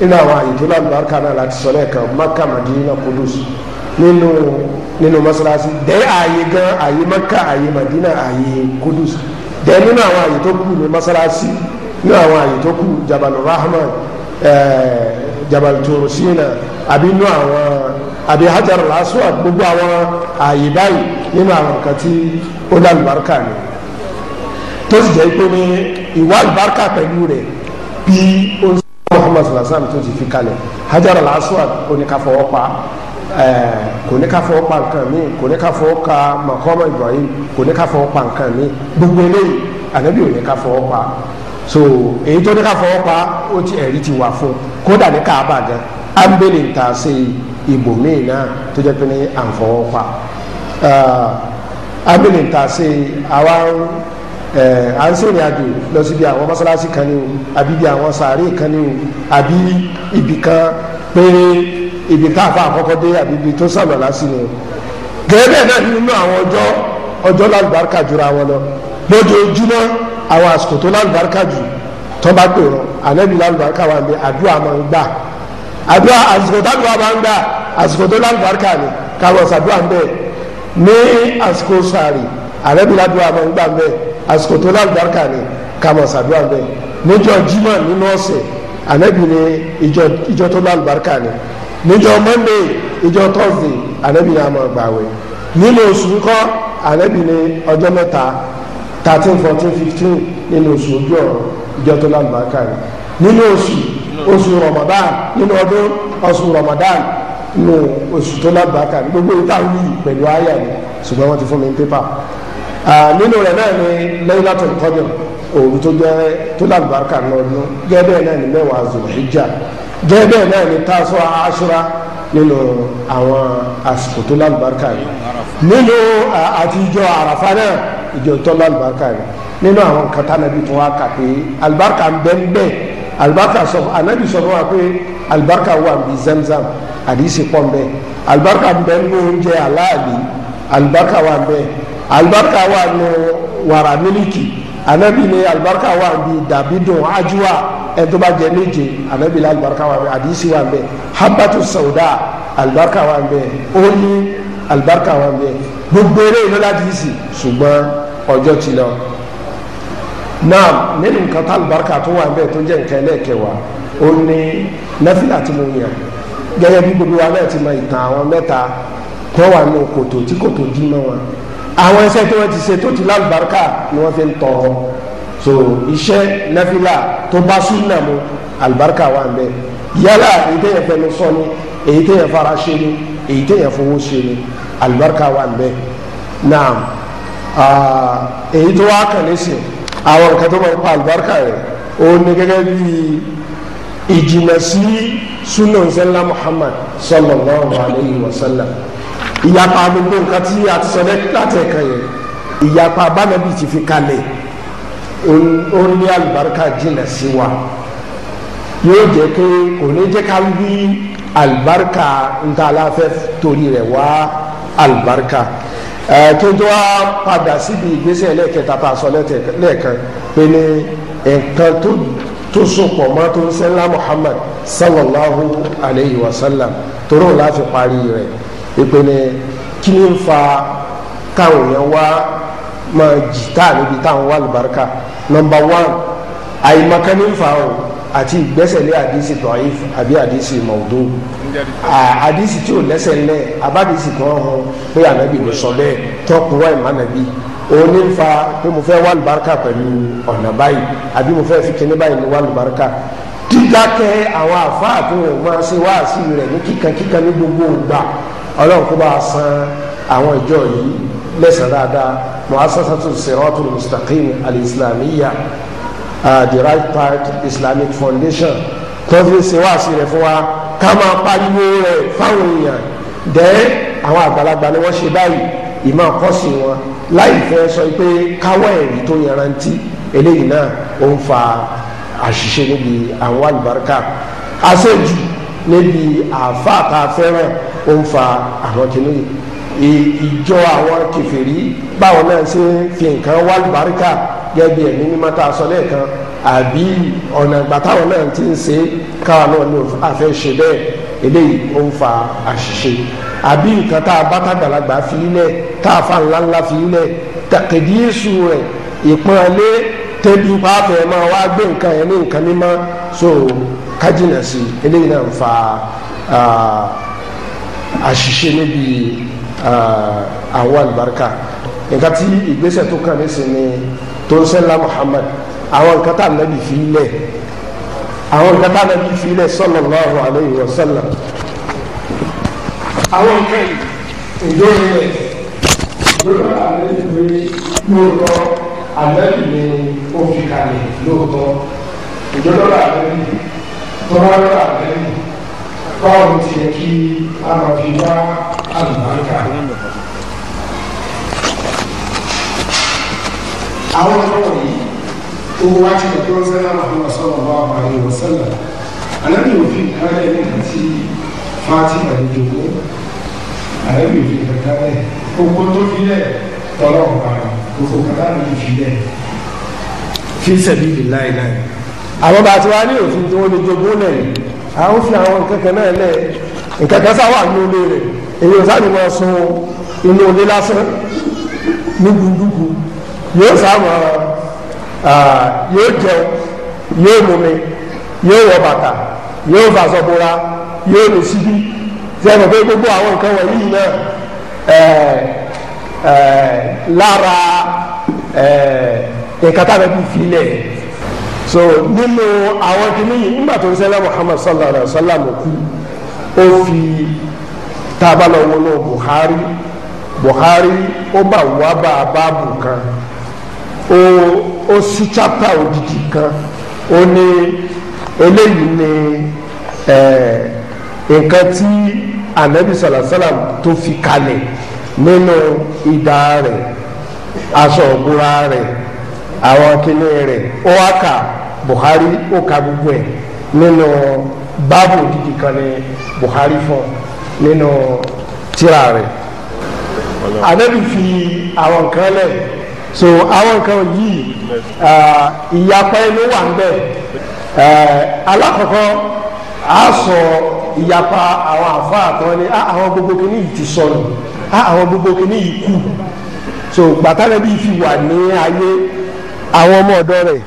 nínú àwọn àyètò lálùbáríkà náà láti sọ lẹ́ẹ̀kan maka madina kudus nínú nínú mọ́sálásí dẹ́ àyè gan àyè maka àyè madina àyè kudus dẹ́ nínú àwọn àyè tó kù ní mọ́sálásí nínú àwọn àyè tó kù jabal rahman jabal turusina àbí nínú àwọn àbí hajar al-aswad gbogbo àwọn àyè báyìí nínú àwọn nǹkan tí ó lálùbáríkà ni tó sì jẹ́ pé ní ìwà àlùbáríkà pẹ̀lú rẹ̀ bí ó muhammad sallallahu alaihi wasallam tó ti fi kalẹ̀ hajar al-aswad ó ní ká fọwọ́ pa eh, kò ní ká fọwọ́ pa nǹkan mi kò ní ká fọwọ́ ka makoma ibrahim kò ní ká fọwọ́ pa nǹkan mi gbogbo eléyìí ànábì ò ní ká fọwọ́ pa so èyí tó ní ká fọwọ́ pa ó ti ẹ̀rí ti wà fún kódà ní káàbà gan ambele ń ta sí ibòmíì náà tó jẹ́ pé ní à ń fọwọ́ pa eh, ambele ń ta sí àwa ń à ń sèrìn àjò lọ síbi àwọn mọ́sálásí kan ní o àbí ibi àwọn sàárè kan ní o àbí ibì kan péré ibi tá a fa àkọ́kọ́ dé àbí ibi tó sàlọ̀ lásì ni o gẹ́gẹ́ náà nínú àwọn ọjọ́ ọjọ́ lálùbáríkà jura wọn lọ lójoojúmọ́ àwọn àsìkò tó lálùbáríkà jù tó bá gbèrò ànábì lálùbáríkà wà ní àdúrà máa ń gbà àdúrà àsìkò tádùá máa ń gbà àsìkò tó lálùbáríkà ni káwọn ṣàdúrà ń bẹ ní àsìkò sàárè ànábì ládùá máa ń gbà ń bẹ àsìkò tó lálùbáríkà ni ká máa ṣàdúrà bẹ́ẹ̀ níjọ́ jimá nínú ọ̀sẹ̀ ànábì ni ìjọ tó lálùbáríkà ni níjọ́ mọ́ndé ìjọ tọ́sídẹ̀ ànábì ni a máa gbààwẹ̀ nínú oṣù kọ́ ànábì ni ọjọ́ mẹ́ta thirteen fourteen fifteen nínú oṣù ojú ọ̀rọ̀ ìjọ tó lálùbáríkà ni nínú oṣù oṣù Ramadan nínú ọdún oṣù Ramadan nínú oṣù tó lálùbáríkà ni gbogbo ìta wí pẹ̀lú àyà ni ṣùgbọ́n wọ́n ti fún mi ní pépà nínú rẹ̀ náà ni Laylatul Qadr òru tó jẹ́ tó lálùbáríkà lọ́dún gẹ́gẹ́ náà ni mẹ́wàá Zulhijja gẹ́gẹ́ bẹ́ẹ̀ náà ni Tasua Ashura nínú àwọn àsìkò tó lálùbáríkà yìí nínú àti ìjọ àràfà náà ìjọ tó lálùbáríkà yìí nínú àwọn nǹkan tánàbí tó wá kà pé àlùbáríkà ń bẹ ń bẹ àlùbáríkà sọ ànábì sọ fún wa pé àlùbáríkà wà bí zamzam àdìsí pọ̀ ń bẹ àlùbáríkà ń bẹ aláàbí àlùbáríkà wà ń alibarika wa nù wàrà mílíkì anabi ni alibarika wà bi dàbí dùn ajuwa ẹtọba jẹ méje anabi ni alibarika wà bẹ àdìsí wà bẹ habatu sauda alibarika wà bẹ oní alibarika wà bẹ gbogbo eré ìlú ládìsí ṣùgbọ́n ọjọ́ ti lọ naam nínú nǹkan tá alibarika tó wà bẹ tó jẹ nǹkan ẹlẹ́kẹwàá ó ní náfìlà tí mo yàn gẹ́gẹ́ bí gbogbo wa náà ti mọ ìtàn àwọn mẹ́ta tó wà nù kòtò tí kòtò dín mọ́ wọn àwọn iṣẹ́ tí wọ́n ti ṣe tó ti lálùbáríkà ni wọ́n fi ń tọrọ so iṣẹ́ nafila tó bá súnà mu àlùbáríkà wà ń bẹ yálà èyí tẹ̀yẹ̀ fẹnu sọ ni èyí tẹ̀yẹ̀ fara ṣe ni èyí tẹ̀yẹ̀ fowó ṣe ni àlùbáríkà wà ń bẹ naam èyí tó wá kàn lẹ́sìn àwọn nǹkan tó pa àlùbáríkà rẹ̀ ó ní gẹ́gẹ́ bí ìjìnà sí súnà ńsẹ́ńlá Muhammad sallallahu alayhi wa sallam ìyapa gbogbo nǹkan tí a ti sọ láti ẹ̀ka yẹn ìyapa abánabi ti fi kalẹ̀ ó ní àlùbáríkà jìnà sí wa yóò jẹ́ pé kò ní jẹ́ ká wí àlùbáríkà níta aláfẹ́ torí rẹ̀ wá àlùbáríkà kí n tó wá padà síbi ìgbésẹ̀ lẹ́ẹ̀kẹta tá a sọ lẹ́ẹ̀kan pé ní nǹkan tó tó sopọ̀ mọ́ tó ń sẹ́ńlá Muhammad sallallahu alayhi wa sallam torí òun láti parí rẹ̀ ìpè ní kí ni ń fa káwọn èèyàn wá máa jì tá níbi táwọn wà lùbáríkà nọmba one àyèmọ̀kan ní ń fa o àti ìgbẹ́sẹ̀lé àdìsí dọ̀ọ́yìf àbí àdìsí mọ̀ọ́dún àdìsí tí ò lẹ́sẹ̀ ńlẹ̀ àbádìsí kan hàn pé ànábì ló sọ bẹ́ẹ̀ tọkùnrin ìmánàbí òun ní fa pé mo fẹ́ wà lùbáríkà pẹ̀lú ọ̀nà báyìí àbí mo fẹ́ fi kíní báyìí ní wà lùbáríkà dídákẹ́ àwọn àfáà tó wọ́n máa ṣe wáàsí rẹ̀ ní kíkankíkan ní gbogbo ògbà ọlọ́run kó bá san àwọn ìjọ yìí lẹ́sàn dáadáa muassasatu siratul mustaqim al-islamiyya uh, the right part islamic foundation tó fi ṣe wá sí rẹ̀ fún wa ká máa pariwo rẹ̀ fáwọn èèyàn dẹ́ àwọn àgbàlagbà ni wọ́n ṣe báyìí ìmọ̀ kọ́sì wọn láì fẹ́ sọ pé káwọ́ ẹ̀rí tó yanrantí eléyìí náà ó ń fa àṣìṣe níbi àwọn àlùbáríkà àṣejù níbi àáfàá tá a fẹ́ràn ó ń fa àwọn kìnìún yìí ìjọ àwọn kẹfìrí báwọn náà ṣe fi nǹkan wá lùbáríkà gẹ́gẹ́ ẹ̀mí mímọ́ tá a sọ lẹ́ẹ̀kan àbí ọ̀nà ìgbà táwọn náà ti ń ṣe káwọn náà ní àfẹ́ ṣe bẹ́ẹ̀ eléyìí ó ń fa àṣìṣe àbí nǹkan tá a bá tàgbàlagbà fi ilẹ̀ tá a fa ńláńlá fi ilẹ̀ tàkìdí èṣù rẹ̀ ìpọ́nlé tẹ́bí pàápẹ́ máa wá gbé nǹkan ẹ̀ ní nǹkan mímọ́ so kájìnà sí eléyìí náà ń fa àṣìṣe níbi àwọn àlùbáríkà nǹkan tí ìgbésẹ̀ tó kàn nísìn ni tó ń sẹ́lá Muhammad àwọn nǹkan tá ànábì fi lẹ̀ àwọn nǹkan tá ànábì fi lẹ̀ sallallahu alayhi wa sallam àwọn nǹkan ìjọ rẹ̀ lọ́dọ̀ ànábì pé lóòótọ́ ànábì ni ó fi kalẹ̀ lóòótọ́ ìjọ lọ́dọ̀ tọ́lá lọ́dọ̀ ànábì báwo ti yẹ kí a máa fi wá àlùbáríkà. àwọn ọ̀rọ̀ yìí tó wá ti lè kúrò sẹ́yìn àwọn ọ̀sọ́nà bá wà ní ìwọ̀sẹ́lẹ̀ àlẹ́bí òfin kálẹ̀ nígbà tí Fatima lè jòkó àlẹ́bí òfin kálẹ̀ gbogbo tó fi lẹ̀ tọ́lọ̀ ọ̀gbà gbogbo kálẹ̀ lè fi lẹ̀ fi sẹ̀bi lè láìláì. àwọn bàtí wa ní òfin tí wọ́n lè jogún náà a ń fi àwọn nǹkan kan náà lẹ̀ nǹkan kan sáwà ní olè rẹ̀ èyí ò sáà ní máa sun inú olè lásán ní gbùngbùngbù yóò sáàmù yóò jẹun yóò mumi yóò wọ bàtà yóò fàṣọ bora yóò lè síbí sẹ́nu pé gbogbo àwọn nǹkan wọ̀nyí náà lára nǹkan tá a bẹ fi filẹ̀ so nínú àwọn kìíní yìí nígbà tó ń ṣẹlẹ̀ Muhammad sallallahu alayhi wa sallam kú ó fi tábàlọ̀ wọnú Buhari Buhari ó bá wà bá a báàbù kan ó ó sí chapter òdìdì kan ó ní eléyìí ní nǹkan tí anabi sallallahu alayhi wa sallam tó fi kalẹ̀ nínú idà rẹ̀ aṣọ òbúra rẹ̀ àwọn kìíní rẹ̀ ó wá kà Buhari ó ka gbogbo ẹ̀ nínú báàbù dídì kan ní Buhari fún nínú tírà rẹ̀ anabi fi àwọn nǹkan lẹ̀ so àwọn nǹkan yìí ìyapa ẹni wà ń bẹ̀ alákọ̀ọ́kọ́ a sọ ìyapa àwọn àfa àtọ́ ni ah, àwọn gbogbo kìíní yìí ti sọnù ah, àwọn gbogbo kìíní yìí kù so gbàtà lẹ́bi fi wà ní ayé àwọn ọmọ ọ̀dọ́ rẹ̀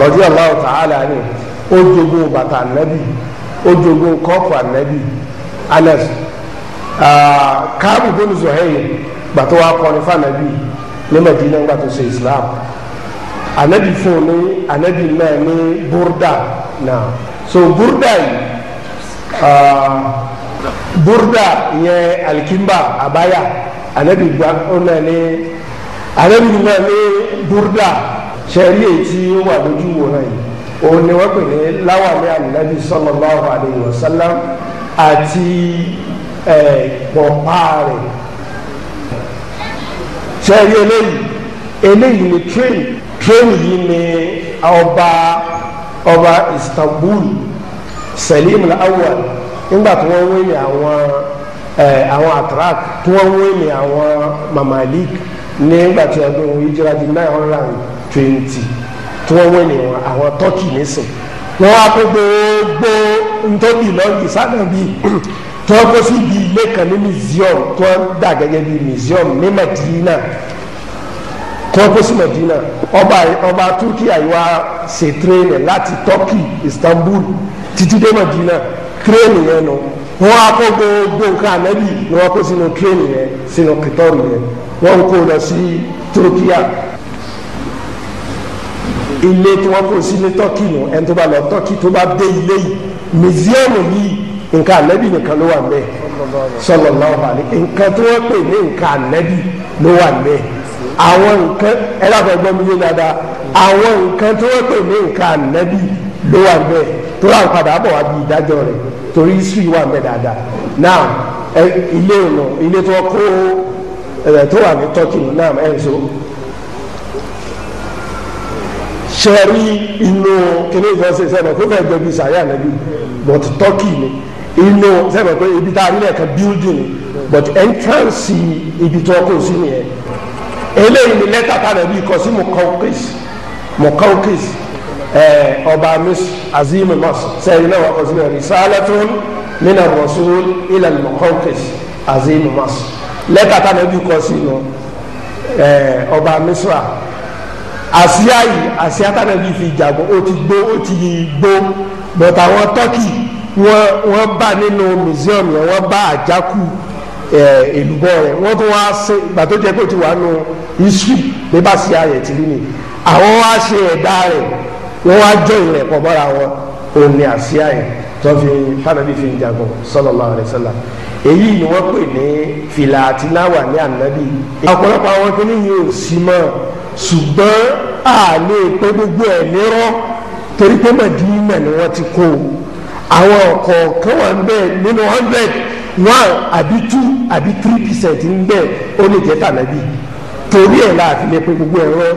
radiyallahu ta'ala ni ó jogún bàtà ànábì ó jogún kọ́ọ̀pù ànábì anas káàbù bónú zuhair gbàtọ́ wa kọ́ni fànàbì ní madina ń gbàtọ́ sí islam ànábì fún ní ànábì náà ní burda náà so burda yìí burda yẹn alikimba abaya ànábì gba ọ̀nà ní ànábì náà ní burda sẹ́rí ètí ó wà lójú wòran yìí òun ni wọ́n pè ní láwàlẹ́ ànábì sallallahu alayhi wa sallam àti pọ̀pá rẹ̀ sẹ́rí eléyìí eléyìí ni train train yìí ni ọba ọba Istanbul Selim awal. awwal nígbà tí wọ́n wé ní àwọn àwọn atrak tí wọ́n wé ní àwọn mamalik nígbà tí ọdún ìjírá di nine hundred and twenty tí wọ́n wẹ̀ nìyẹn àwọn turkey nísìn wọ́n wá pé gbogbo ntọ́bi lọ́ọ̀gì sádàbí tí wọ́n kó sí ibi ilé kan ní museum tí wọ́n dà gẹ́gẹ́ bí museum ní Madina tí wọ́n kó sí Madina ọba ọba Turkey àyíwá ṣe train láti Turkey Istanbul títí dé Madina tírẹ́nì yẹn nù wọ́n wá kó gbogbo nǹkan ànábì ni wọ́n kó sínú tírẹ́nì yẹn sínú kìtọ́ọ̀rù yẹn wọ́n kó lọ sí Turkey ilé tí wọ́n kó sí ní tọ́kì nù ẹni tó bá lọ tọ́kì tó bá dé ilé yìí mìsíọ̀mù yìí nǹkan ànẹ́bì nìkan ló wà mẹ́ sallallahu alaihi nǹkan tí wọ́n pè ní nǹkan ànẹ́bì ló wà mẹ́ àwọn nǹkan ẹ lábẹ́ gbọ́ mi yé dáadáa àwọn nǹkan tí wọ́n pè ní nǹkan ànẹ́bì ló wà mẹ́ tó wà padà bọ̀ wá bí ìdájọ́ rẹ̀ torí sùn wà mẹ́ dáadáa náà ilé ìlú ilé tí wọ́n kó tó wà ní tọ́kì náà ẹ̀ ń so ṣẹ́rí inú kíní ìjọsìn sẹ́mọ̀ kó fẹ́ẹ́ gbẹ̀bí sàyà nàbí but turkey ni inú sẹ́mọ̀ pé ibi tá a rí lẹ́ẹ̀kan building but entrance ibi tó kò sí nìyẹn eléyìí ni lẹ́tà tá a nàbí kọ sí Mukaukis Mukaukis ọba miss Azim mas sẹ́yìn náà wọ́n kọ sílẹ̀ risalatun min ar-rasul ila al-Mukaukis Azim mas lẹ́tà tá a nàbí kọ sí nu ọba misra àsíá yìí àsíá tàbí fi jàgbọ́ ó ti gbó ó ti gbó but àwọn tọ́kì wọ́n wọ́n bá nínú museum yẹn wọ́n bá àjákù èlùbọ́ rẹ̀ wọ́n tún wá ṣe ìgbà tó jẹ́ pé ó ti wà nù isu pé bá àsíá yẹn ti rí ni àwọn wá ṣe ẹ̀dá rẹ̀ wọ́n wá jọ ìrẹ̀ pọ̀ mọ́ra wọn òun ni àsíá yẹn tó fi tàbí fi jàgbọ́ sallallahu alaihi wasallam èyí ni wọ́n pè ní fìlà ní ànábì ọ̀pọ̀lọpọ̀ àwọn kìnìún yìí ò sí mọ́ ṣùgbọ́n a lè pé gbogbo ẹ̀ nírọ́ torí pé Mẹdínà ni wọ́n ti kó o àwọn ọ̀kọ̀ọ̀kan wà ń bẹ nínú hundred one àbí two àbí three percent ń bẹ ó lè jẹ́ tànàbí torí ẹ̀ la fi lè pé gbogbo ẹ̀ rọ́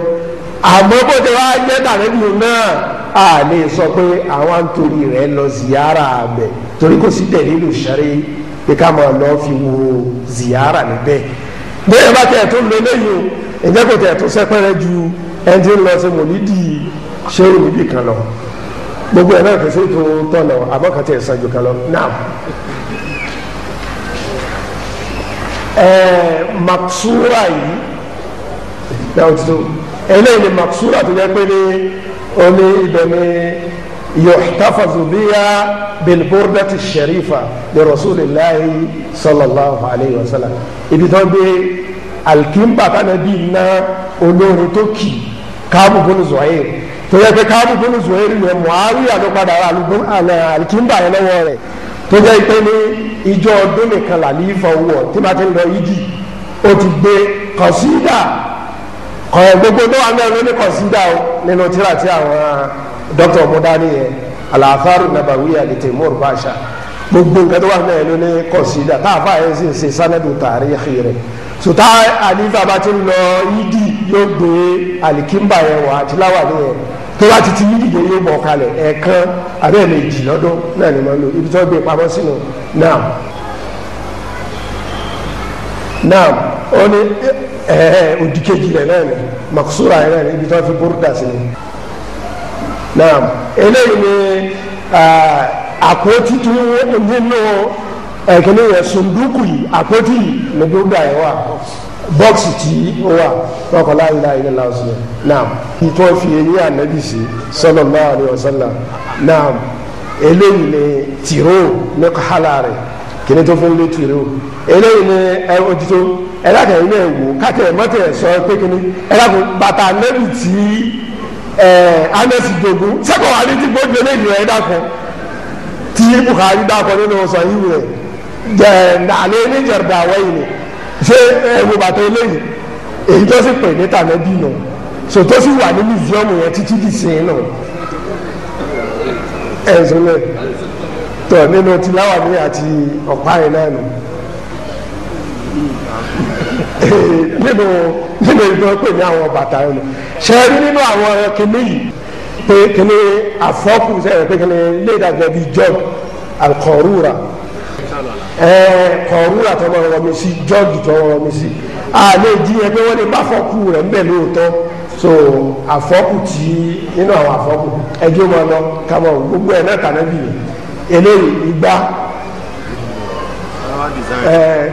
àmọ́ bó ti wá jẹ́ tànàbí náà a lè sọ pé àwa ń torí rẹ̀ lọ ziyara abẹ torí kò sí dẹ̀lílù ṣẹ́rí pé ká máa lọ fi wo ziyara níbẹ̀ bẹ́ẹ̀ bá tẹ̀ tó lọ lẹ́yìn o ǹjẹ́ kò tẹ̀ tó sẹ́pẹ́rẹ́ ju ẹni tí ń lọ sí mòlídì ṣéwù níbì kan lọ gbogbo ẹ̀ náà kẹsí tó tọ̀nà àbọ̀kàtì ẹ̀sán jù kan lọ náà. ẹ̀ẹ́ maksura yìí náà ti tó eléyìí ni maksura tó yẹ pé ní omi ibẹ̀ ni yòhtafazu bíyà bilbordati sharifa sallallahu alayhi wa sallam ibi tó ń gbé alikimba tánàbí iná olórin tó kì káàbù bónú zọyè tó yẹ pé káàbù bónú zọyè rí yẹn muawiya ló padà ra alikimba yẹn lọ́wọ́ rẹ̀ tó jẹ́ pé ní ìjọ ọdún nìkan làlífà owó tí bá ti ń lọ yídì ó ti gbé kọ̀sídà gbogbo tó wà mẹ́rin ní kọ̀sídà nínú tíra tí àwọn dókítà ọmọdání yẹn àlàáfáàrù nàbàwíyà lè tè mọ́rù gbogbo nǹkan tó wà mẹ́rin ní kọ̀sídà táàfà yẹn sì ń ṣe sanadu tàríkì rẹ̀ sota ànífà bá ti ń lọ yídì yóò gbé àlìkímbà yẹn wà àti láwàní yẹn tó bá ti ti yídì yẹn yóò bọ̀ kalẹ̀ ẹ̀ẹ̀kan abẹ́ẹ̀ méjì lọ́dún náà ni mo lò ibi tó gbé pamọ́ sínú náà náà ó ní ẹ̀ẹ́ òdì kejì rẹ̀ náà ni makusura yẹn náà ni ibi tó fi búrúdà sí ni náà eléyìí ni àpótí tó nínú ẹ̀kẹ́lẹ́ yẹ sunduku yìí àpótí yìí lóbi ó gbà yẹ wà bọ́ọ̀sì tí ó wà lọ́kọ̀ láyé láyé ní láwùsí yẹn naam ìtọ́ fi eyín ànábì sí sallallahu alaihi wasallam naam eléyìí ni tìró ní kọ́hálà rẹ̀ kìnní tó fún lé tìró eléyìí ni ẹ ojútó ẹ lákàá yìí náà wò kákẹ́ mọ́tẹ́ sọ pé kìnní ẹ lákàá bàtà ànábì tí ẹ anẹ́sì dogun sẹ́kọ̀ọ́ àdìtì gbọ́dọ̀ eléyìí rẹ̀ dákọ̀ tí Bukhari dákọ̀ nínú sọ yìí rẹ̀ àlẹ́ níjẹ̀rẹ̀dà wẹ́yìn ni ṣé ẹ̀wò bàtà eléyìí èyí tó sì pè ní tànẹ́bí nù so tó sì wà ní mùsíọ̀mù yẹn títí di sìn nù ẹ̀sùn náà tọ̀ nínú tìláwà mi àti ọ̀pá yẹn náà nù nínú nínú ìdán pè ní àwọn bàtà yẹn nù ṣe rí nínú àwọn kìnìún yìí pé kìnìún àfọ́kù sẹ́yìn pé kìnìún lè dàgbẹ́ bíi jọ́ọ̀bù alkọ̀rúra kọ̀ọ̀rú àtọmọ ọ̀rọ̀ mi sí jọ́ọ̀gì tọ́ ọ̀rọ̀ mi sí àlẹ́ ìdíyẹ pé wọ́n lè bá fọ́kù rẹ̀ ń bẹ̀ lóòótọ́ so àfọ́kù tí nínú àwọn àfọ́kù ẹjọ́ máa lọ kámọ́ gbogbo ẹ̀ náà tàná bì eléyìí igbá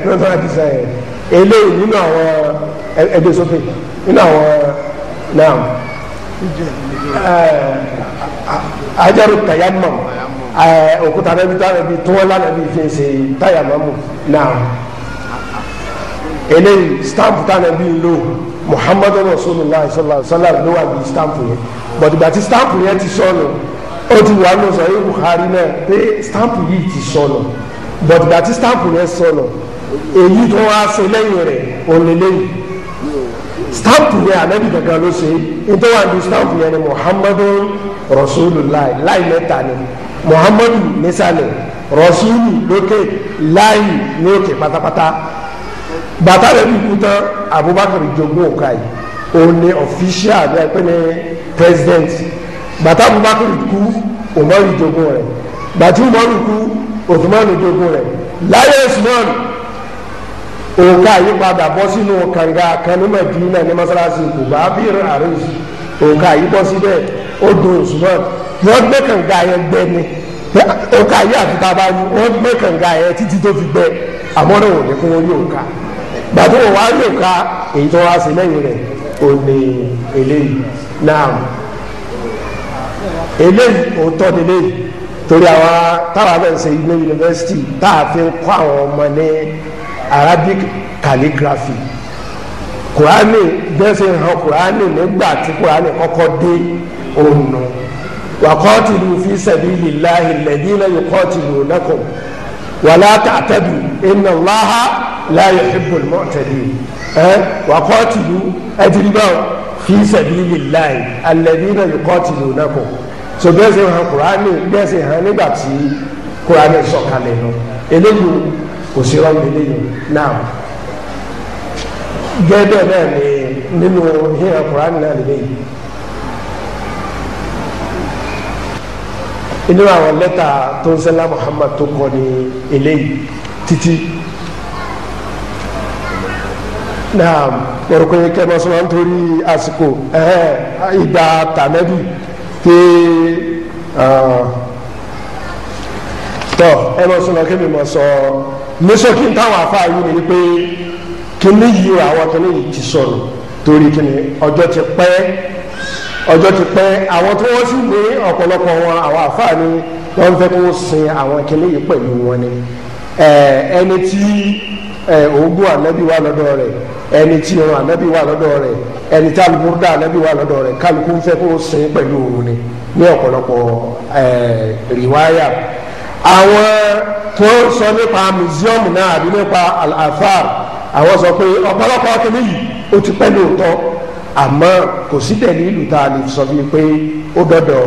lọ́tọ́rọ́ àdìsá ẹ̀ eléyìí nínú àwọn ẹgbẹ́ sókè nínú àwọn náà ajaru tayammum ẹẹ òkúta rẹ bi tó rẹ bi tó wọn lánàá bi fi ṣe táyà mọ́mù náà eléyìí stamp tánà bí n lò muhammadu rasulillah sallallahu alaihi wa sallam ló wà bí stamp yẹn bọ̀dùgbà tí stamp yẹn ti sọnù O ti wà ló sọ yìí buhari náà pé stamp yìí ti sọnù bọ̀dùgbà tí stamp yẹn sọnù èyí tó wá ṣe lẹ́yìn rẹ̀ òlélẹ́yìn stamp yẹn anabi gangan ló ṣe nítorí wà bí stamp yẹn ni muhammadu rasulillah láì mẹ́ta ni muhammadu nísàlẹ̀ rọ̀ṣúlù lókè láàyè ní òkè pátápátá bàtà rẹ̀ kúkú tán abubakar jogún òkà yìí òun ni ọ̀fíṣíà bí a pè ní president bàtà abubakar kú umaru jogún rẹ̀ bàtà umaru kú othmanu jogún rẹ̀ láyé usman òǹkà yìí padà bọ́ sínú kànga kan ní Mẹdínà ní masalasi kò bá bí rẹ̀ àrẹ́sì òǹkà yìí bọ́ síbẹ̀ odò Usman wọ́n gbé kànga yẹn gbẹ ni òkà yìí bá kànga yẹn títí tó fi gbẹ àmọ́ náà wọ́n ní kó wọ́n ní òkà gbàtí wá èyí tó wá sí eléyìí náà eléyìí ni eléyìí torí àwọn ṣe ilé yunifásitì tá a fi ń kọ́ àwọn ọmọ ní Arabic calligraphy kùránì bẹ́ẹ̀ fi hàn kùránì nígbà tí kùránì kọ́kọ́ dé. ònù wàkọ́tìlù fi sabilillahi alladhina yuqatilunakum wàlá tàtàdù inna Allaha la yuhibbul mu'tadin wàkọ́tìlù ẹ̀dínbọ̀ fi sabilillahi alladhina yuqatilunakum so bẹ́ẹ̀ sẹ́ hàn kúránì bẹ́ẹ̀ sẹ́ hàn nígbà tí kúránì sọ̀kalẹ̀ nù eléyìí kò sí rọ́ọ̀mù eléyìí náà gẹ́gẹ́ bẹ́ẹ̀ ni nínú híhàn kúránì náà lè léyìí. inú àwọn lẹ́tà tó ń sẹ́lá Muhammad tó kọ ní eléyìí títí náà orúkọ yẹn kẹ́ ẹ bá sọ wọn torí àsìkò ìgbà tàmẹ́bì pé tọ́ ẹ bá sọ wọn kí sọ táwọn afáàyè ni pé kí ni ni yìí ti sọ̀rọ̀ torí kí ọjọ́ ti pẹ́ àwọn tí wọ́n sì ní ọ̀pọ̀lọpọ̀ wọn àwọn àfáà ni wọ́n fẹ́ kó sin àwọn kìnìún yìí pẹ̀lú wọn ni ẹni tí oògùn ànábì wà lọ́dọ̀ rẹ̀ ẹni tí irun ànábì wà lọ́dọ̀ rẹ̀ ẹni tí alùpùpù ànábì wà lọ́dọ̀ rẹ̀ kálukú fẹ́ kó sin pẹ̀lú òun ni ní ọ̀pọ̀lọpọ̀ rìwáyà àwọn tó sọ nípa museum náà àbí nípa al-afar àwọn sọ pé ọ̀pọ̀lọpọ̀ kìnìún yìí ó ti pẹ́ lóòótọ́ àmọ́ kò sí tẹ̀lé ìlú tá a lè sọ bíi pé ó dọ́dọ̀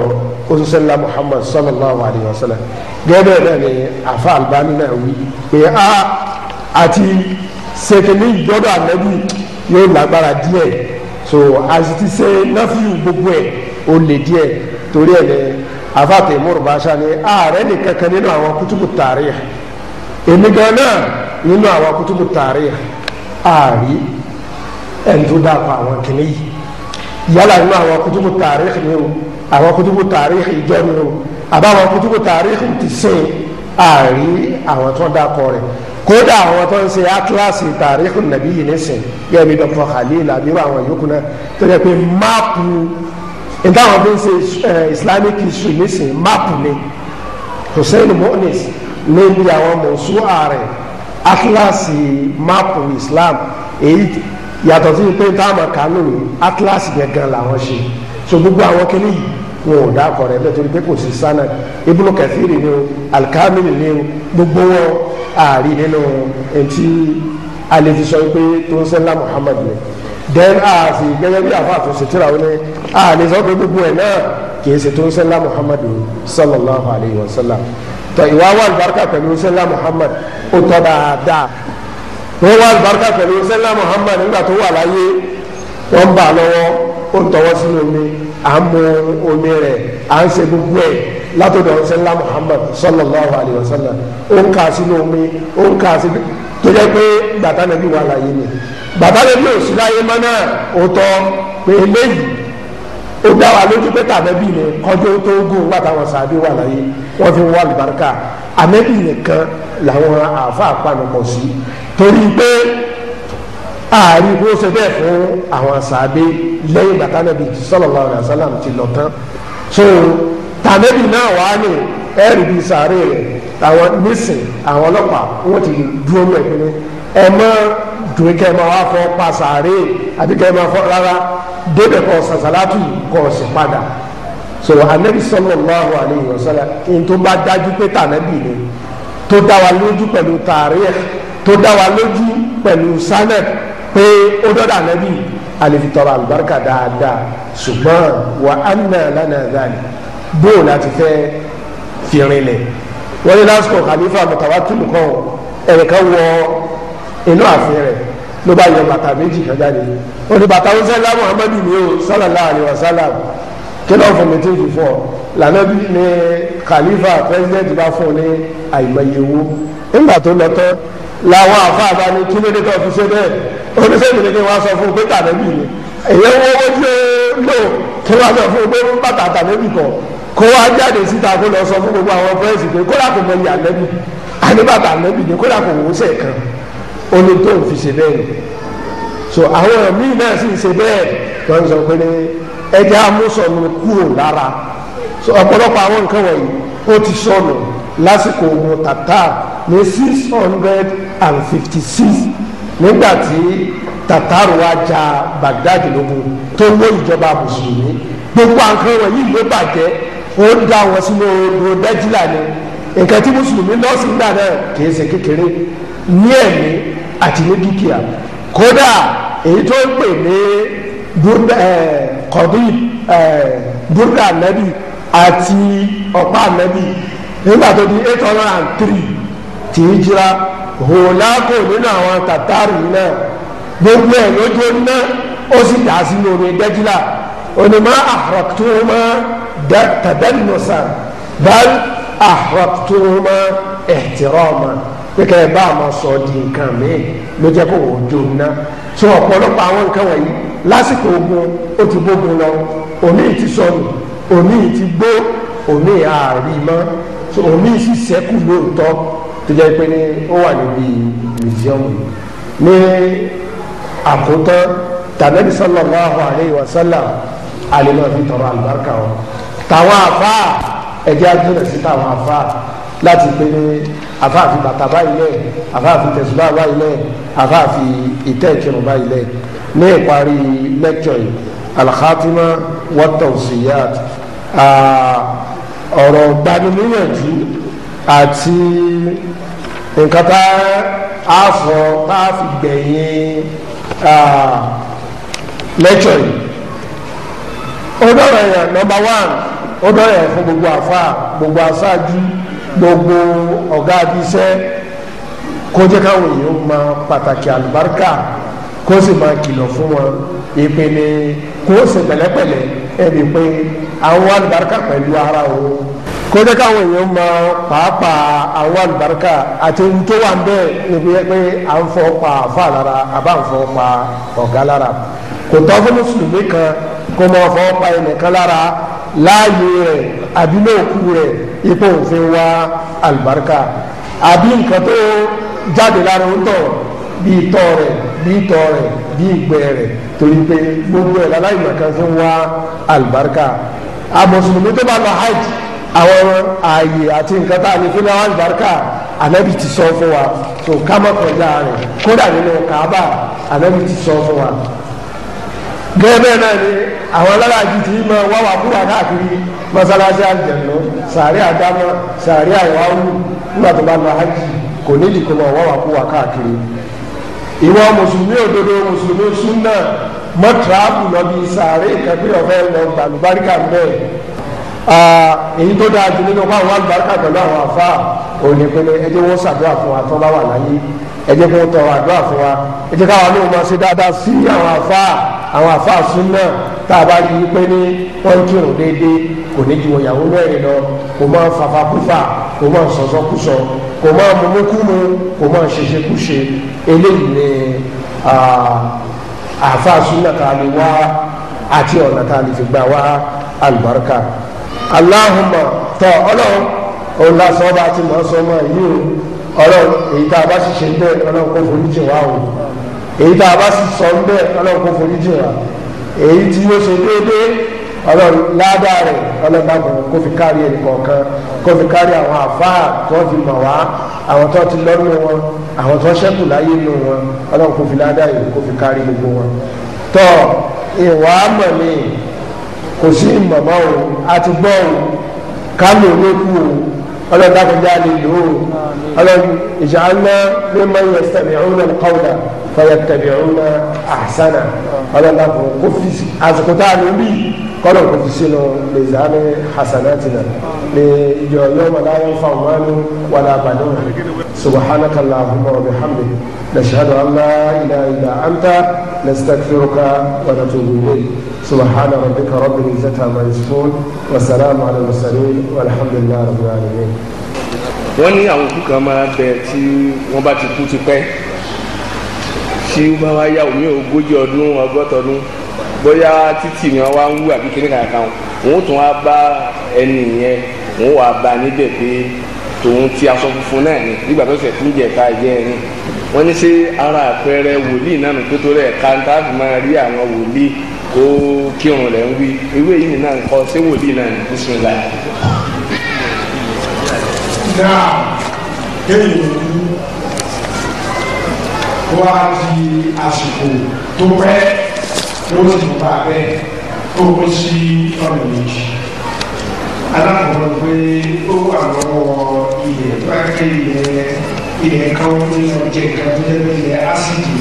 oṣiṣẹ́lá Muhammad sallallahu alayhi wa sallam gẹ́gẹ́ náà ni afa Albani náà wí pé a ah, àti sèkéle ìdọ́dọ̀ ànábì yóò lágbára díẹ̀ so àti ṣe náfíù gbogbo ẹ̀ ó lè díẹ̀ torí ẹ̀ ni afa Taimur Basha ni ààrẹ nìkan kan nínú àwọn kutubu tarikh èmi gan náà nínú àwọn kutubu tarikh ààrí ẹni tó dàpọ̀ àwọn kìnnì yìí yálà nínú àwọn kutubu tàríkì ni o àwọn kutubu tàríkì ìjọ ni o àbáwọn kutubu tàríkì ti sìn àárí àwọn tó dàpọ̀ rẹ̀ kódà àwọn tó ń ṣe atlas tàríkì nàbí yìí nísìn yẹ́n mi dr khalil abiru àwọn yòókù náà tó yẹ pé máàpù nígbà wọn fi ń ṣe islamic history nísìn máàpù ni hussein mohanis níbi àwọn mọ̀ọ́sù ààrẹ atlas máàpù islam èyí yàtọ̀ sí pé táwọn àkànú atlas yẹn gan làwọn ṣe so gbogbo àwọn kele yìí wọn ò dáa kọrẹ bẹ́ẹ̀ torí pé kò sí sanad ibùdó kẹfìrì ni o alikamili ni o gbogbo wọn ààrí nínú etí alẹ́fisọ́ pé tó ń sẹ́lá muhammad ni then ààfin gẹ́gẹ́ bí àfa àtúnṣetìrà wọn ni àlẹ́sọ́ pé gbogbo ẹ̀ náà kì í ṣe tó ń sẹ́lá muhammad sallallahu alayhi wa sallam tọ́ ìwà wà lùbáríkà pẹ̀lú sẹ́lá muhammad ó tọ́ dáadáa. wọ́n wá kwere pẹ̀lú sẹ́lá Muhammad nígbà tó wà láyé wọ́n bà lọ́wọ́ ó ń tọwọ́ sínú omi à ń mu omi rẹ̀ à ń ṣe gbogbo ẹ̀ látọ̀dọ̀ sẹ́lá Muhammad sallallahu alayhi wa sallam ó ń kà sínú omi ó ń tó ni bàtà nàbí ò sí láyé náà ó tọ́ pé ó dá wa lójú pé tàbẹ́bí ni kọjú tó gùn bàtà wọn sàbí wà láyé wọ́n fi wá àlùbáríkà àmẹ́bí nìkan làwọn àáfàá panupọ̀ sí torí pé ààrí kó ṣe bẹ́ẹ̀ fún àwọn sàábé lẹ́yìn bàtà nàbì sallallahu alaihi wasallam ti lọ tán so tàmẹ́bì náà wà ní ẹ̀rì bíi sàárè rẹ̀ àwọn nísìn àwọn ọlọ́pàá wọ́n ti dúró mọ́ ìpínlẹ̀ ẹ mọ́ dùn kẹ́ ẹ máa wá fọ́ pa sàárè àbí ẹ máa fọ́ rárá débẹ̀ kọ́ sàṣàlátù kọ́ ọ̀sìn padà so anabi sallallahu alayhi wa sallam n tó bá dájú pé tànàbì ni tó dá wa lójú pẹ̀lú tààríẹ̀ tó dá wa lójú pẹ̀lú sanad pé ó dọ́dọ̀ anabi àlefi tọrọ àlùbáríkà dáadáa ṣùgbọ́n wà á nà lánà dáni bóò láti fẹ́ fìrìnlẹ̀ wọ́n ní lásìkò khalifa mutawakkil kan ẹ̀rẹ̀kan wọ inú ààfin rẹ̀ ló bá yọ bàtà méjì kan jáde ó ní bàtà ń sẹ́lá muhammadu ni ó sallallahu alayhi wa sallam kí ló fún mi tí n fi fọ lànà bí ní khalifa president bá fún ní àìmọye owó nígbà tó lọ tán làwọn àfáàbá ni kí lóde tó fi ṣe bẹ́ẹ̀ oníṣègùn ni kí wọ́n sọ fún un pé tàbí ni èyí ń wọ́wọ́ tí ó lò kí wọ́n sọ fún un pé bàtà tàbí kọ̀ kó wá jáde síta kó lọ sọ fún gbogbo àwọn pẹ́ẹ́sì pé kó làkò mọyì ànẹ́bì àníbàtà ànẹ́bì ni kó làkò wò ó sẹ̀ kan ó ní tó ń fi ṣe bẹ́ẹ̀ so àwọn míì náà sì ṣe bẹ́ẹ̀ wọ́n sọ pé ẹja amúsọ̀nù kúrò lára ọ̀pọ̀lọpọ̀ àwọn nǹkan wọ̀nyí ó ti sọnù lásìkò ogun tata ní six hundred and fifty six nígbà tí tataru wa ja Baghdad lógun tó wó ìjọba mùsùlùmí gbogbo àǹkan wọ̀nyí ló bàjẹ́ ó ń dá wọn sínú odò dájílà ni nǹkan tí mùsùlùmí lọ́sìn gbà náà kìí ṣe kékeré ní ẹ̀mí àti ní dúkìá kódà èyí tó ń pè ní eh, kọ̀dí burúkú ànábì àti ọ̀pá ànábì nígbà tó di eight hundred and three tí í jira hòlákò nínú àwọn tàtàrí náà gbogbo ẹ̀ lójú ná ó sì dà sínú omi dẹ́jìlá onímọ̀ àhọ̀túnmọ̀ tàdánùsà bal àhọ̀túnmọ̀ ẹ̀tìrọ̀mọ̀ kíkẹ́ ẹ bá a ma sọ di nǹkan mi ló jẹ́ kó o jó ná so ọ̀pọ̀lọpọ̀ àwọn nǹkan wọ̀nyí lásìkò ogun ó ti gbógun lọ òní ti sọnù òní ti gbó òní àárí mọ́ òní sì sẹ́kù lóòótọ́ tó jẹ́ pé ní ó wà níbi mùsíọ̀mù ní àkótán tànàbí sallallahu alayhi wa sallam alimọ̀ fi tọrọ àlùbáríkà wọn tàwọn àfáà ẹ̀jẹ̀ àjọyọ̀ sí tàwọn àfáà láti pé ní afaafi bàtà báyìí lẹ afaafi tẹsíbà báyìí lẹ afaafi ìtẹ ìkírun báyìí lẹ ní ìparí lecture yìí alhatima wa tawsiyat ọ̀rọ̀ gbanimíyànjú àti nǹkan tá a fọ tá a fi gbẹ̀yìn lecture yìí ó yẹn number one ó dọ̀rọ̀ yẹn fún gbogbo àfa gbogbo aṣáájú gbogbo ọ̀gá àti iṣẹ́ kó jẹ́ káwọn èèyàn mọ pàtàkì àlùbáríkà kó sì máa kìlọ̀ fún wọn ìpele kó sì pẹ̀lẹ́pẹ̀lẹ́ ẹ̀mí pé àwọn àlùbáríkà pẹ̀lú ara òun kó jẹ́ káwọn èèyàn mọ pàápàá àwọn àlùbáríkà àti ohun tó wà ń bẹ́ẹ̀ níbi pé à ń fọ́ pa àfa lára àbá ń fọ́ pa ọ̀gá lára kò tọ́ fún mùsùlùmí kan kó mọ fọ́ pa ẹnìkan lára láàyè rẹ̀ àbí lóòkù rẹ̀ ipò òfin wá àlùbáríkà àbí nǹkan tó jáde lára ń tọ̀ bí itọ́ rẹ̀ bí itọ́ rẹ̀ bí ìgbẹ́ rẹ̀ torí pé gbogbo ẹ̀ láláì màkà fún wá àlùbáríkà àmọ̀sùlùmí tó bá lọ hajj àwọn ààyè àti nǹkan tá a lè fi ní àwọn àlùbáríkà ti sọ fún wa so ká má kọjá rẹ̀ kódà nínú kaaba anabi ti sọ fún wa gẹ́gẹ́ náà ni àwọn alálàájì tí ma wá wà kúrò káàkiri mọ́sálásí àjẹ̀lọ́ sàárẹ̀ àdámọ́ sàárẹ̀ àwáwù nígbà tó bá lọ hajj kò nílì kó ma wá wà kúrò káàkiri. ìwọ mùsùlùmí òdodo mùsùlùmí súnà mọ́ tíráàbù lọ bí sàárẹ̀ kẹ́kẹ́ ọ̀fẹ́ lọ gbàlúbáríkà bẹ́ẹ̀. èyí tó dáa jù nínú fáwọn alùbáríkà pẹ̀lú àwọn àfa òní pé ẹjẹ́ wọ́n ṣàdúrà fún wa tó bá wà láyé ẹjẹ́ kó tọrọ àdúrà fún wa ẹjẹ́ káwa lóun máa ṣe dáadáa sí àwọn àfa àwọn àfàsùn náà tá a bá rí i pé ní wọ́n ń kírun déédéé kò ní ju ìyàwó mẹ́rin lọ kò máa fafa kúfà kò máa sọ̀sọ́ kúsọ kò máa mumú kúmu kò máa ṣeṣe kúṣe eléyìí ni àfàsùn náà tá a lè wá àti ọ̀nà tá a lè fi gbà wá àlùbáríkà aláhùnmá tọ ọlọ́run òun lásán bá ti mọ̀ ọ́ sọ́mọ́ yìí o ọlọ́run èyí tá a bá ṣiṣẹ́ bẹ́ẹ̀ ọlọ́run kò forí jìn wá o èyí tá a bá sì sọ ń bẹ́ẹ̀ ọlọ́run kò forí jìn wá èyí tí ó ṣe déédéé ọlọ́run ládàá rẹ̀ ọlọ́run bá bọ̀rọ̀ kó fi kárí ẹnì kọ̀ọ̀kan kó fi kárí àwọn àfáà tó fi mọ̀ wá àwọn tó ti lọ́nu wọn àwọn tó ṣẹ́kù láyé nù wọn ọlọ́run kó fi ládàá yìí kó fi kárí gbogbo wọn. tọ́ ìwà mọ̀ ni kò sí ìmọ̀mọ́ o àti gbọ́ o ká lè lókù o ọlọ́run dákọjá lè lò ó ọlọ́run ìjà fayattabi'una ahsana ọlọ́dà kò kó fi àsìkò tá a lò bí kọ́nà kò fi sínú mizani hasanatina ní ìjọ yawma la yanfa'u malun wala banun subhanaka allahumma wa bihamdik nashhadu an la ilaha illa anta nastaghfiruka wa natubu ilayk subhana rabbika rabbil izzati amma yasifun wa salamun ala al-mursalin walhamdulillahi rabbil alamin. wọ́n ní àwọn òkú máa bẹ tí wọ́n bá ti kú ti pẹ́ tí ó máa wáyà omi ogójì ọdún ọgọ́ta ọdún bóyá títì ni wọ́n wá ń wú àbí kíní kankan wọ́n tún wá bá ẹni yẹn wọ́n wá bá níbẹ̀ pé tòun ti aṣọ funfun náà ni nígbà tó ṣe fún jẹ̀ka ìjẹ́ ẹni wọ́n ní ṣe ara àpẹẹrẹ wòlíì náà tó tó rẹ̀ ká ń tá a fi máa rí àwọn wòlíì tó kírun rẹ̀ ń wí ewé yìí náà ń kọ́ ṣé wòlíì náà ní bísí ńlá. náà kébìnrin ó wá di àsìkò tó pẹ́ ó sì bá bẹ́ẹ̀ ó kó sí ọ̀nà méjì alákọ̀ọ́ pé ó wà lọ́wọ́ ilẹ̀ tó bá ké ilẹ̀ ilẹ̀ kan ó ní ọjọ́ ìkan tó jẹ́ ilẹ̀ ásìdì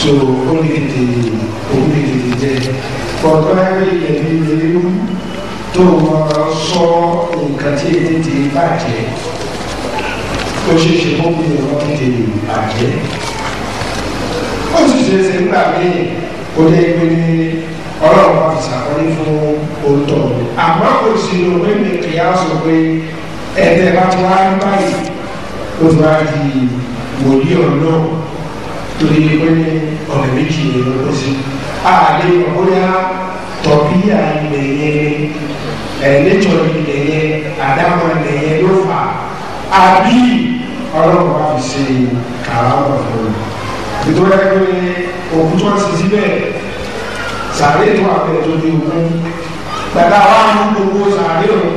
so ó lè tètè ó lè tètè jẹ ọ̀dọ́ ẹgbẹ́ ilẹ̀ bí ilé tó wọ́n sọ nǹkan tí ètè ti ó ṣe ṣe kó bí ẹ̀rọ tètè bàjẹ́ ó sì ṣe ṣe nígbà míì ó dé pé ní ọlọ́run bá fi ṣàkọ́lé fún òótọ́ àmọ́ kò sí ló pé ní kìí á sọ pé ẹ̀ẹ́dẹ́ bá ti wá ń báyìí ó ti wá di wòlíì ọ̀nà torí pé ní ọ̀nà méjì ni ó kó sí àlè ọ̀bóyá tọ̀bí àìlẹ̀ yẹn ẹ̀ lẹ́tọ̀ọ́ ilẹ̀ yẹn àdámọ̀ ilẹ̀ yẹn ló fà á àbí ọlọ́run bá fi ṣe kàrámà fún un nítorí ẹgbẹ́ òkú tó ti síbẹ̀ sàárè tó àbẹ̀ tó di òkú gbàgbà wa ń gbogbo sàárè òun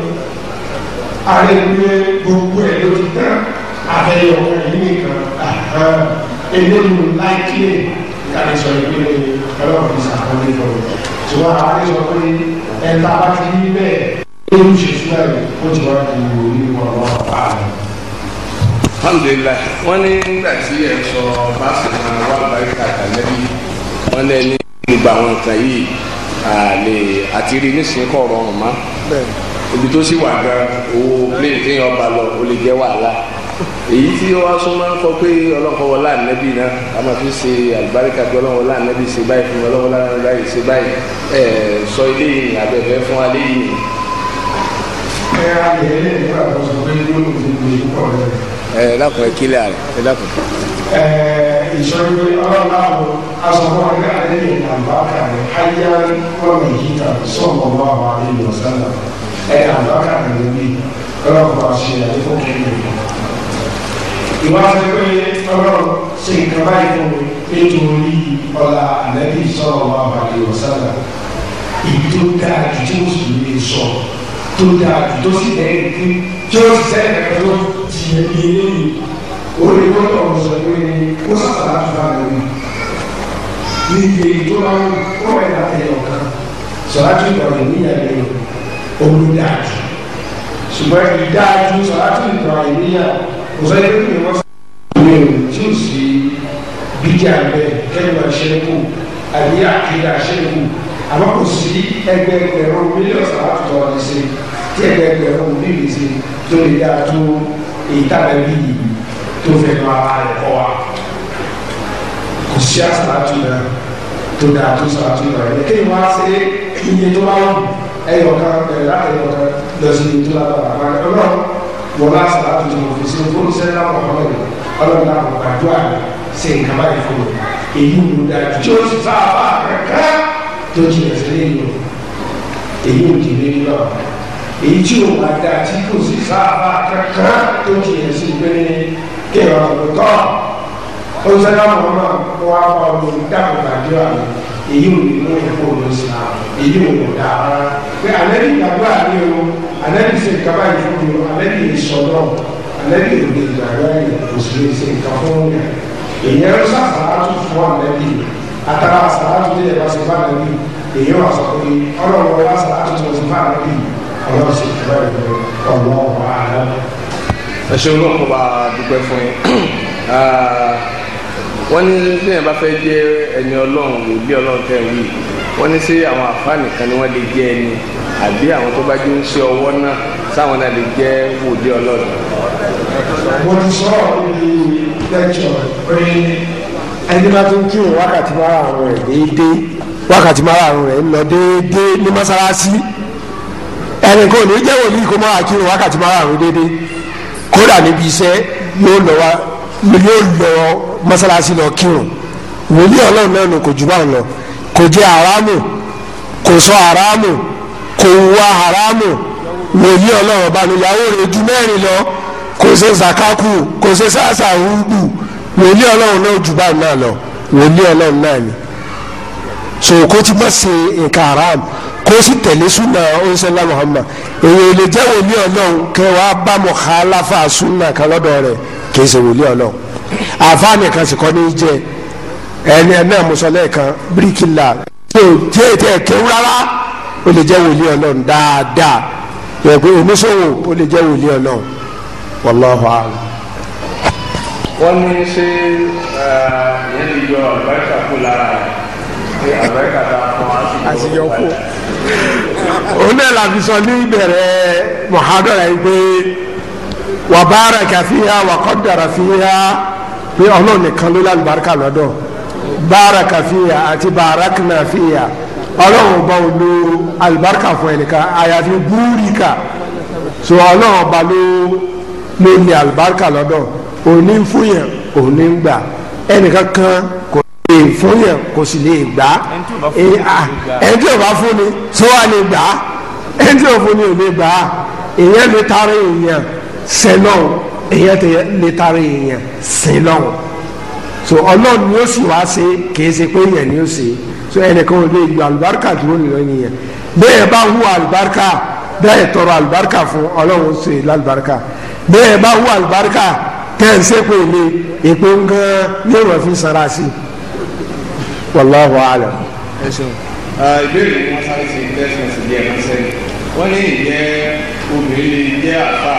àrègbè gbogbo ẹ̀ ló ti tán àfẹ́yọ̀ ọ̀kan yìí nìkan eléyìí láìkílè kárí sọ ìpínlẹ̀ ọlọ́run fi sàkọ́lé lọ ṣùgbọ́n àwọn àdéṣọ pé ẹ̀ta bá ti rí bẹ́ẹ̀ lóṣù sílẹ̀ ó ti wá di orí wọn lọ́wọ́ àárẹ̀ alhamdulilayi wọn ní nígbà tí ẹ sọ báṣìmọ wà báyìí àtàlẹbí wọn lẹ ní gbogbo àwọn nǹkan yìí àlè àtìrí nísìnyí kọ rọrùn mọ ibi tó sì wà gan owó plé téèyàn bá lọ ó lè jẹ wàhálà èyí tí wọn sún máa ń kọ pé ọlọ́kọ̀wọ́ láàánẹ́bí náà a máa fi ṣe àlùbáríkà bí ọlọ́wọ́ láàánẹ́bí ṣe báyìí fún ọlọ́wọ́ láàánẹ́bí ṣe báyìí ẹ sọ ilé yìí àbẹ̀fẹ́ fún alẹ́ yìí. ẹ á yẹ ẹ nígbà tó sọ pé yóò ti di púpọ̀ rẹ̀ ẹ dákun ẹ kílẹ̀ rẹ ẹ dákun. ẹ ìṣòro ọlọ́láwo aṣọ́kọ́ ọ̀gá àdéhùn ìlànà àkàrẹ̀ ayé ọmọ ìyíta sọ̀rọ̀ wà wà nínú ọ̀sán ẹ̀ àlọ́ àkàrẹ̀ lórí ọlọ́kọ̀ àṣẹ àdéhùn kẹ́lẹ́ ìwádìí pé ọlọ́run ṣe nǹkan báyìí fún mi nítorí ọlá ànábì sọ̀rọ̀ wà wà nínú ọ̀sán ìdí tó dáa jù tí mùsùlùmí sọ tó dáa jù tó sì lẹ́yìn tí ó ti sẹ́yìn ẹ̀rọ ló ti yẹ bí eléyìí orí tó tọ̀ ọ̀ sọ pé ó sàfàlà tó bá lè rí níbi tó bá ń kọ́ ẹ̀ láti ẹ̀ ọ̀kan sọlá tó ìbọ̀rẹ̀ níyàgbé olùdájú ṣùgbọ́n ìdájú sọlá tó ìbọ̀rẹ̀ níyà kò sọ yẹ kí wọ́n sọ pé tí ò sí bíjà bẹ́ẹ̀ kẹ́lẹ́ ṣẹ́kù àbí àkìlá ṣẹ́kù àmọ́ kò sí ẹgbẹẹgbẹ̀rún mílíọ̀nù sọlá tó tọ̀ ọ́ tó lè dáa tó èyí tàbí bí tó fẹ́ nu ara rẹ̀ kọ́ wa kò sí àsàlátù náà tó dáa tó sàlátù náà rẹ̀ kéwìn wá sí iye tó bá wù ẹyọ kan bẹ̀rẹ̀ láti ẹyọ kan lọ sí iye tó bá wà wá ọlọ́run wọlé àsàlátù tó mọ̀ fi sí fúnṣẹ́ náà wọ̀ ọlọ́run náà kò gbàdúrà sí nǹkan báyìí fún mi èyí ò dájú tí ó sì sáà bá kankan tó jìnnà sílé èyí tí o máa da tí kò sì sábà kankan tó ti yẹ sí pé kéwàá kò tọ́ ó ń sẹ́dá mọ́mọ́ wá fọ́ ọdún dákòtà jọ àná èyí ò ní mú ẹ̀kọ́ òun sí i èyí ò ní dá a pé àlẹ́bí ìgbàgbọ́ àmì o àlẹ́bí ṣe ìkàbá ìfúnni o àlẹ́bí ìṣọ̀lọ́ àlẹ́bí òde ìgbàgbọ́ ẹ̀ òṣèlú ṣe ìkà fún ọ̀nà èyàn ń sàfàrà tó fún àlẹ́bí àtàrà àsàrà tó dé ẹ̀bá sí fún àlẹ́bí èyàn wà sọ pé ọlọ́wọ́ wá sàrà tó tó fún àlẹ́bí ọlọ́run sì fún báyìí pé ọlọ́run ààrẹ. ẹ ṣeun náà mo bá dúpẹ́ fún yín ah, wọ́n ní bíyẹn bá fẹ́ jẹ́ ẹni ọlọ́run òbí ọlọ́run tẹ̀ wí wọ́n ní sí àwọn àfáàní kan ni wọ́n lè jẹ́ ẹni àbí àwọn tó bá jẹ́ ń ṣe ọwọ́ náà sáwọn náà lè jẹ́ wòlíì ọlọ́run. mo ti sọ níbi lẹ́kṣọ̀ pé ẹni máa tún kírun wákàtí márùn-ún rẹ̀ déédéé wákàtí márùn-ún rẹ̀ ń lọ déédéé ní mọ́sálásí ẹnìkan ò ní jẹ́ wòlíì kó máa kírun wákàtí márùn-ún déédéé kódà níbi iṣẹ́ yóò lọ wá yóò lọ mọ́sálásí lọ kírun wòlíì ọlọ́run náà nù kò jù báwọn lọ kò jẹ haramu kò sọ haramu kò wá haramu wòlíì ọlọ́run ọba nìyàwó rẹ̀ ju mẹ́rin lọ kò ṣe zakaku kò ṣe sáàsà rúgbù wòlíì ọlọ́run náà jù báwọn náà lọ wòlíì ọlọ́run náà ni so kó ti mọ̀ sí nǹkan haramu kó sì tẹ̀lé súnà ọ̀sẹ̀lá Muhammad èyí ò lè jẹ́ wòlíì ọlọ́run kẹwàá bá mọ̀ ká aláfa súnà kan lọ́dọ̀ rẹ̀ kì í ṣe wòlíì ọlọ́run àfa nìkan sì kọ́ ní í jẹ ẹni ẹ̀ náà mùsọ̀lẹ́ kan bíríkìlà tí ò tí ì tẹ̀ kéwú rárá ó lè jẹ́ wòlíì ọlọ́run dáadáa yẹ̀gbẹ́ oníṣòwò ó lè jẹ́ wòlíì ọlọ́run wallahu a'lam. wọ́n ní ṣé ìyẹn yọ àbáríkà kó lára rẹ̀ àbáríkà tá a fọ́n òun náà làbí sọ ní ìbẹ̀rẹ̀ muhadara yìí pé wà baraka fiha wà qaddara fiha pé ọlọ́run nìkan ló lálùbáríkà lọ́dọ̀ baraka fiha àti barakna fiha ọlọ́run bá wọn lo fún ẹnìkan àyàfi búrìkà so ọlọ́run bá ló ló ní alùbáríkà lọ́dọ̀ òun ní fúyàn òun gbà ẹnìkan kan kò fún yẹn kò sì lè gbà á ẹni tí o bá fún ni eh, ah, tí wàá lè gbà á ẹni tí o fún ni ò lè gbà á èyàn lè taara èyàn sẹlọ́n èyàn lè taara èyàn sẹlọ́n so ọlọ́run ni ó sì wá ṣe kìí ṣe pé èyàn ni ó ṣe so ẹnìkan ò lè gba àlùbáríkà dúró nìyọ nìyẹn bẹ́ẹ̀ bá hu àlùbáríkà bẹ́ẹ̀ tọrọ àlùbáríkà fún ọlọ́run ṣe lálùbáríkà bẹ́ẹ̀ bá hu àlùbáríkà tẹ̀ ń ṣépè lé èpè ń gan yóò rọ̀ fi sara sí i wallahu alam. ẹ ṣeun. ìbéèrè ni wọ́n sáré ṣe tẹ́sán sí ilé ẹ̀ka sẹ́yìn wọ́n ní ìjẹ́ obìnrin lè jẹ́ àfà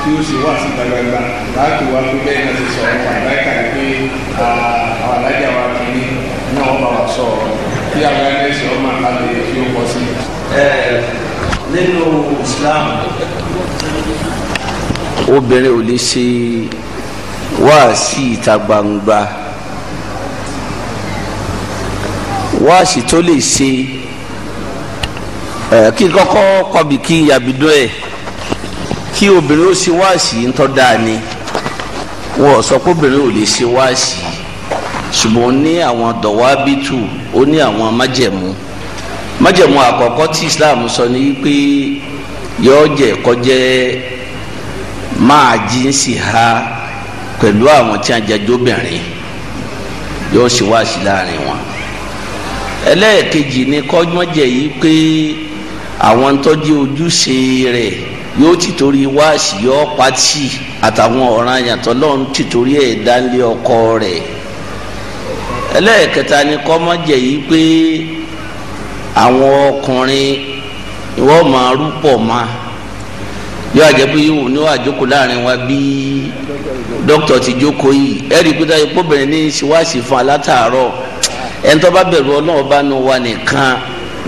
tí ó sì wà síta gbangba láti wá pé bẹ́ẹ̀ náà ti sọ ọ̀rọ̀ àbáyíká ni pé àwọn alájà wa kì í náà wọ́n bá wa sọ ọ̀rọ̀ kí àwọn ẹlẹ́sìn ọmọ àlè fi ó pọ̀ sí nínú Islam obìnrin ò lè ṣe wáàsí ìta gbangba. wáàsí tó lè ṣe ẹ kí kọ́kọ́ kọbi kí yabidó ẹ kí obìnrin ó ṣe wáàsí ńtọ́ dáa ni wọ́n sọ pé obìnrin ò lè ṣe wáàsí ṣùgbọ́n ó ní àwọn dọ̀wábìtù ó ní àwọn májẹ̀mú májẹ̀mú àkọ́kọ́ tí Islam sọ ni pé yóò jẹ́ kọjẹ́ máa jíǹsì ha pẹ̀lú àwọn tí a jẹ́ jóbìnrin yóò ṣe wáàsí láàrin wọn ẹlẹ́ẹ̀kejì ni kọ́mọ́jẹ̀ yìí pé àwọn tọ́jú ojúṣe rẹ̀ yóò ti torí wáàsí yọ pàtì àtàwọn ọ̀ràn yàtọ̀ lọ́n ti torí ẹ̀ dánlé ọkọ rẹ̀ ẹlẹ́ẹ̀kẹta ni kọ́mọ́jẹ̀ yìí pé àwọn ọkùnrin wọ́n máa rúpọ̀ máa yóò àjẹ́ pé yóò ní wàá jókòó láàrin wa bí dókítà ti jókòó yìí ẹ̀rí pé táyé pọ́bìnrin ní ṣe wáàsí fún alátàárọ̀ ẹnitọ́ bá bẹ̀rù ọlọ́run bá nu wa nìkan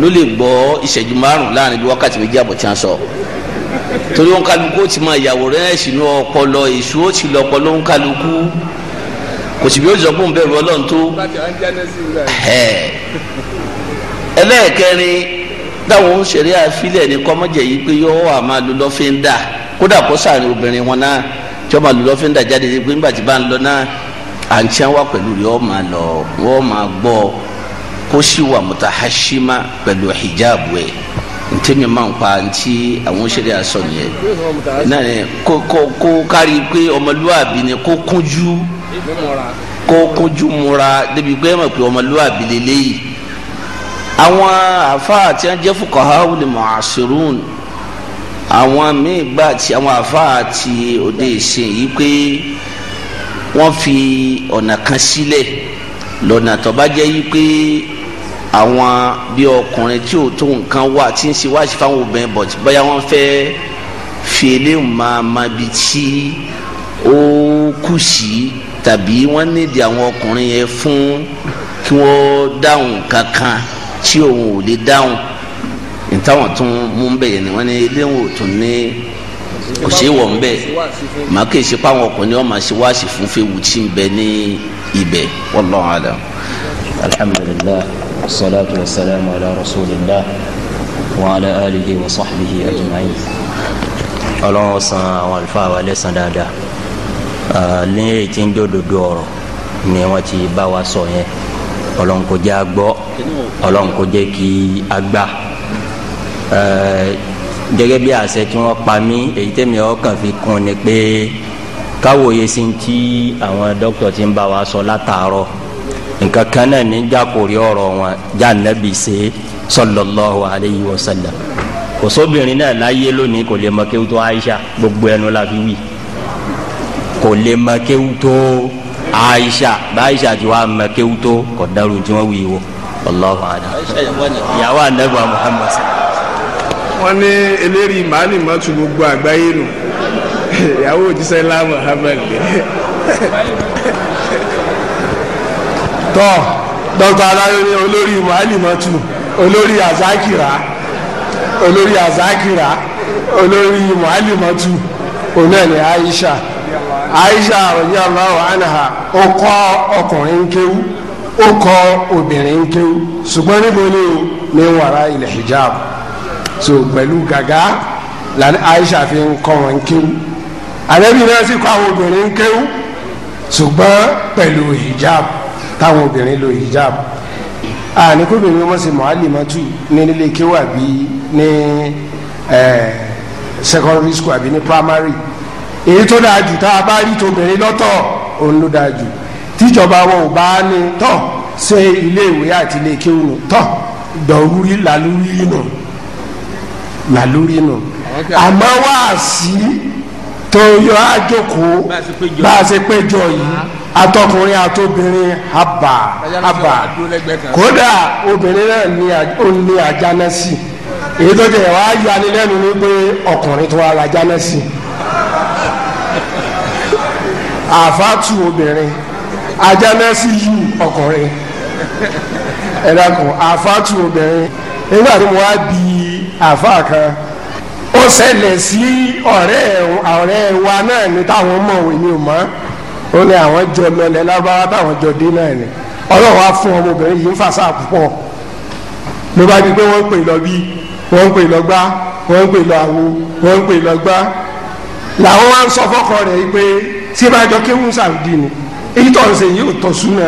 ló lè gbọ́ ìṣẹ́jú márùn láàrin bí wákàtí méjì àbọ̀ tí a sọ torí wọn kálukú ó ti máa yàwó rẹ ọkọ ọpọlọ èṣù ó ti lọ ọpọlọ ń kò sì bí ó zọgbọ́n bẹ̀rù ọlọ́run tó ẹlẹ́ẹ̀kẹrin òṣèré àfilẹ̀ ní kọ́mọ́jẹ̀ yìí pé yọ́ wà máa lu lọ́fíńdà kódà kó sàárín obìnrin wọn náà tí wọ́n máa àǹtí wa pẹ̀lú rẹ̀ ọ́ máa lọ wọ́n máa gbọ́ kó sì wà mutahashima pẹ̀lú hijab ẹ̀ ntẹ́mi máa ń pa ntí àwọn òṣèré aṣọ nìyẹn náà ni kó kó kó kárí pé ọmọlúwàbí ni kó kúnjú kó kúnjú múra débi pé ẹ mọ̀ pé ọmọlúwàbí lélẹ́yìí àwọn àfáà tí wọ́n jẹ́ fuqahawu li àwọn míì gbà tí àwọn àfáà ti òde ìsìn yìí pé wọ́n fi ọ̀nà kan sílẹ̀ lọ́nà tó bá jẹ́ yí pé àwọn bí ọkùnrin tí ò tó nǹkan wà tí ń ṣe wá sí fáwọn obìnrin but bóyá wọ́n fẹ́ fi eléyìí máa ma bi tí ó kù sí tàbí wọ́n nídìí àwọn ọkùnrin yẹn fún kí wọ́n dáhùn kankan tí òun ò lè dáhùn nítawọn tún mú bẹ̀yẹ̀ ni wọ́n ní eléyìí ò tún ní kò ṣe é wọ̀ ń bẹ́ màá kì í ṣe páwọn ọkùnrin ọmọ ṣe wáàsì fún fẹ́wù tí ń bẹ ní ibẹ̀ wallahu alam. alhamdulillah wasalaatu wasalaamu ala rasulillah wa ala wa sahbihi ajma'in. ọlọ́run san àwọn àlùfáà wa lẹ́san dáadáa ní èyí tí ń jòdòdó ọ̀rọ̀ ni wọ́n ti bá wa sọ yẹn ọlọ́run kò jẹ́ a gbọ́ ọlọ́run kí a gbà gẹ́gẹ́ bí àṣẹ tí wọ́n pa mí èyí tẹ́mi ọkàn fi kún ni pé káwòye sí ti àwọn dókítà ti ń bá wa sọ látàárọ̀ nǹkan kan náà ní jákòrí ọ̀rọ̀ wọn já ṣe sallallahu alayhi wa sallam kò sóbìnrin náà láyé lónìí kò lè mọ kéwù tó Aisha gbogbo ẹnu la fi wí kò lè mọ kéwù tó Aisha bá Aisha ti wá mọ kéwù tó kò dárò tí wọ́n wí wo Allahu alayhi wa sallam Muhammad sallam. wọ́n ní eléri màálì mọ́tò gbogbo àgbáyé nù ìyàwó òjíṣẹ́ ńlá Muhammad tọ́ dr aláyọ̀ni olórí màálì olórí azakira olórí azakira olórí màálì mọ́tò onáni Aisha Aisha ọkùnrin kéwú obìnrin kéwú ṣùgbọ́n so pẹ̀lú gàgá lànà Aisha fi ń kọ́ wọn kéwú àlẹ́bí náà sì kọ́ àwọn obìnrin kéwú ṣùgbọ́n pẹ̀lú hijab táwọn obìnrin lo hijab àníkóbìnrin wọn sì mọ̀álìmọ́tù ní nílé kéwú àbí ní secondary school àbí ní primary èyí tó dáa jù tá a bá rí tobìnrin lọ́tọ̀ òun ló dáa jù tíjọba wọn ò bá ní tọ̀ ṣe iléèwé àti ilé kéwú nù tọ̀ dọ̀rúrí nù. No là lórí nù àmọ́ wá sí tó yọ àjòkó bá a ṣe péjọ yìí atọkùnrin àtobìnrin àbà àbà kódà obìnrin náà ó ní àjánásì èyí tó jẹ wàá yani lẹ́nu ní pé ọkùnrin tó ara jánásì àfàtù obìnrin ajánásì yù ọkùnrin ẹ̀dá kan àfàtù obìnrin nígbà tí mo wá bíi àfa kan ó ṣẹlẹ̀ sí ọ̀rẹ́ ọ̀rẹ́ wa náà ní táwọn mọ̀ èmi ò mọ́ ó ní àwọn jọ lọlẹ̀ lábára táwọn jọ dé náà ni ọlọ́run á fún ọmọbìnrin yìí ń fàṣà púpọ̀ ló bá di pé wọ́n ń pè lọ bí wọ́n ń pè lọ gbá wọ́n ń pè lọ àwo wọ́n ń pè lọ gbá làwọn wá ń sọ fọ́kọ rẹ̀ yìí pé tí bá jọ kéwù sàrúdì ni èyí tó ń ṣe yìí ò tọ́ súnà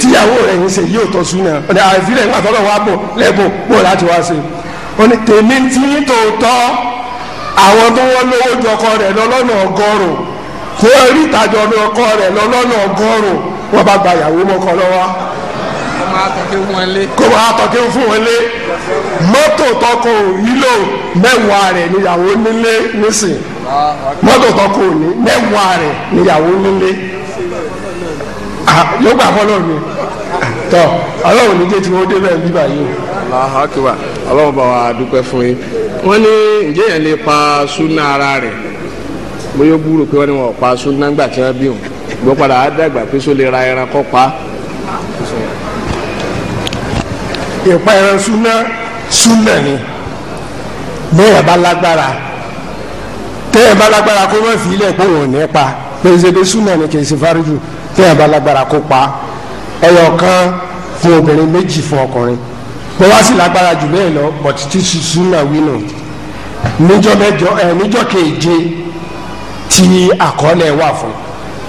tíyàwó rẹ̀ ń ṣe yìí ò tọ́ súnà ọ̀dà àfilẹ̀ ńgbà tọ́lọ̀ wá bọ̀ lẹ́bọ̀ bọ̀ láti wá ṣe oní tèmi tí tòótọ́ àwọn tó wọ́n lówó ju ọkọ rẹ̀ lọ́lọ́nà ọgọ́rùn kó rí ìtajà ọdún ọkọ rẹ̀ lọ́lọ́nà ọgọ́rùn wọ́n bá gba ìyàwó mọ́kọ lọ́wọ́ kó máa tọ́kí fún wọn lé mọ́tò tọkọ ìlò mẹ́wàá rẹ̀ níyàwó nílé nísìn mọ́tò tọkọ òní mẹ́wàá rẹ̀ níyàwó nílé yóò gbà fọlọ́ mi. tọ́ ọlọ́run níjẹ́ tí wọ́n débẹ̀ bíbà yìí o. Allahu bá wa dúpẹ́ fún yín wọ́n ní lè pa súnà ara rẹ̀ bóyá wọ́n ní wọn pa tí wọ́n bí padà á dàgbà pé ra ẹran kọ́ pa. ìpa ẹran ni bẹ́ẹ̀ bá lágbára bá lágbára kó wọ́n wọ́n pa pèsè de súnà ni kì í bá lágbára fún obìnrin méjì fún ọkùnrin bó wá sí lágbára jù bẹ́ẹ̀ lọ bọ̀tí tí sùsúnà wínú níjọ́ mẹ́jọ ẹ̀ níjọ́ keje tí àkọọ́lẹ̀ wà fún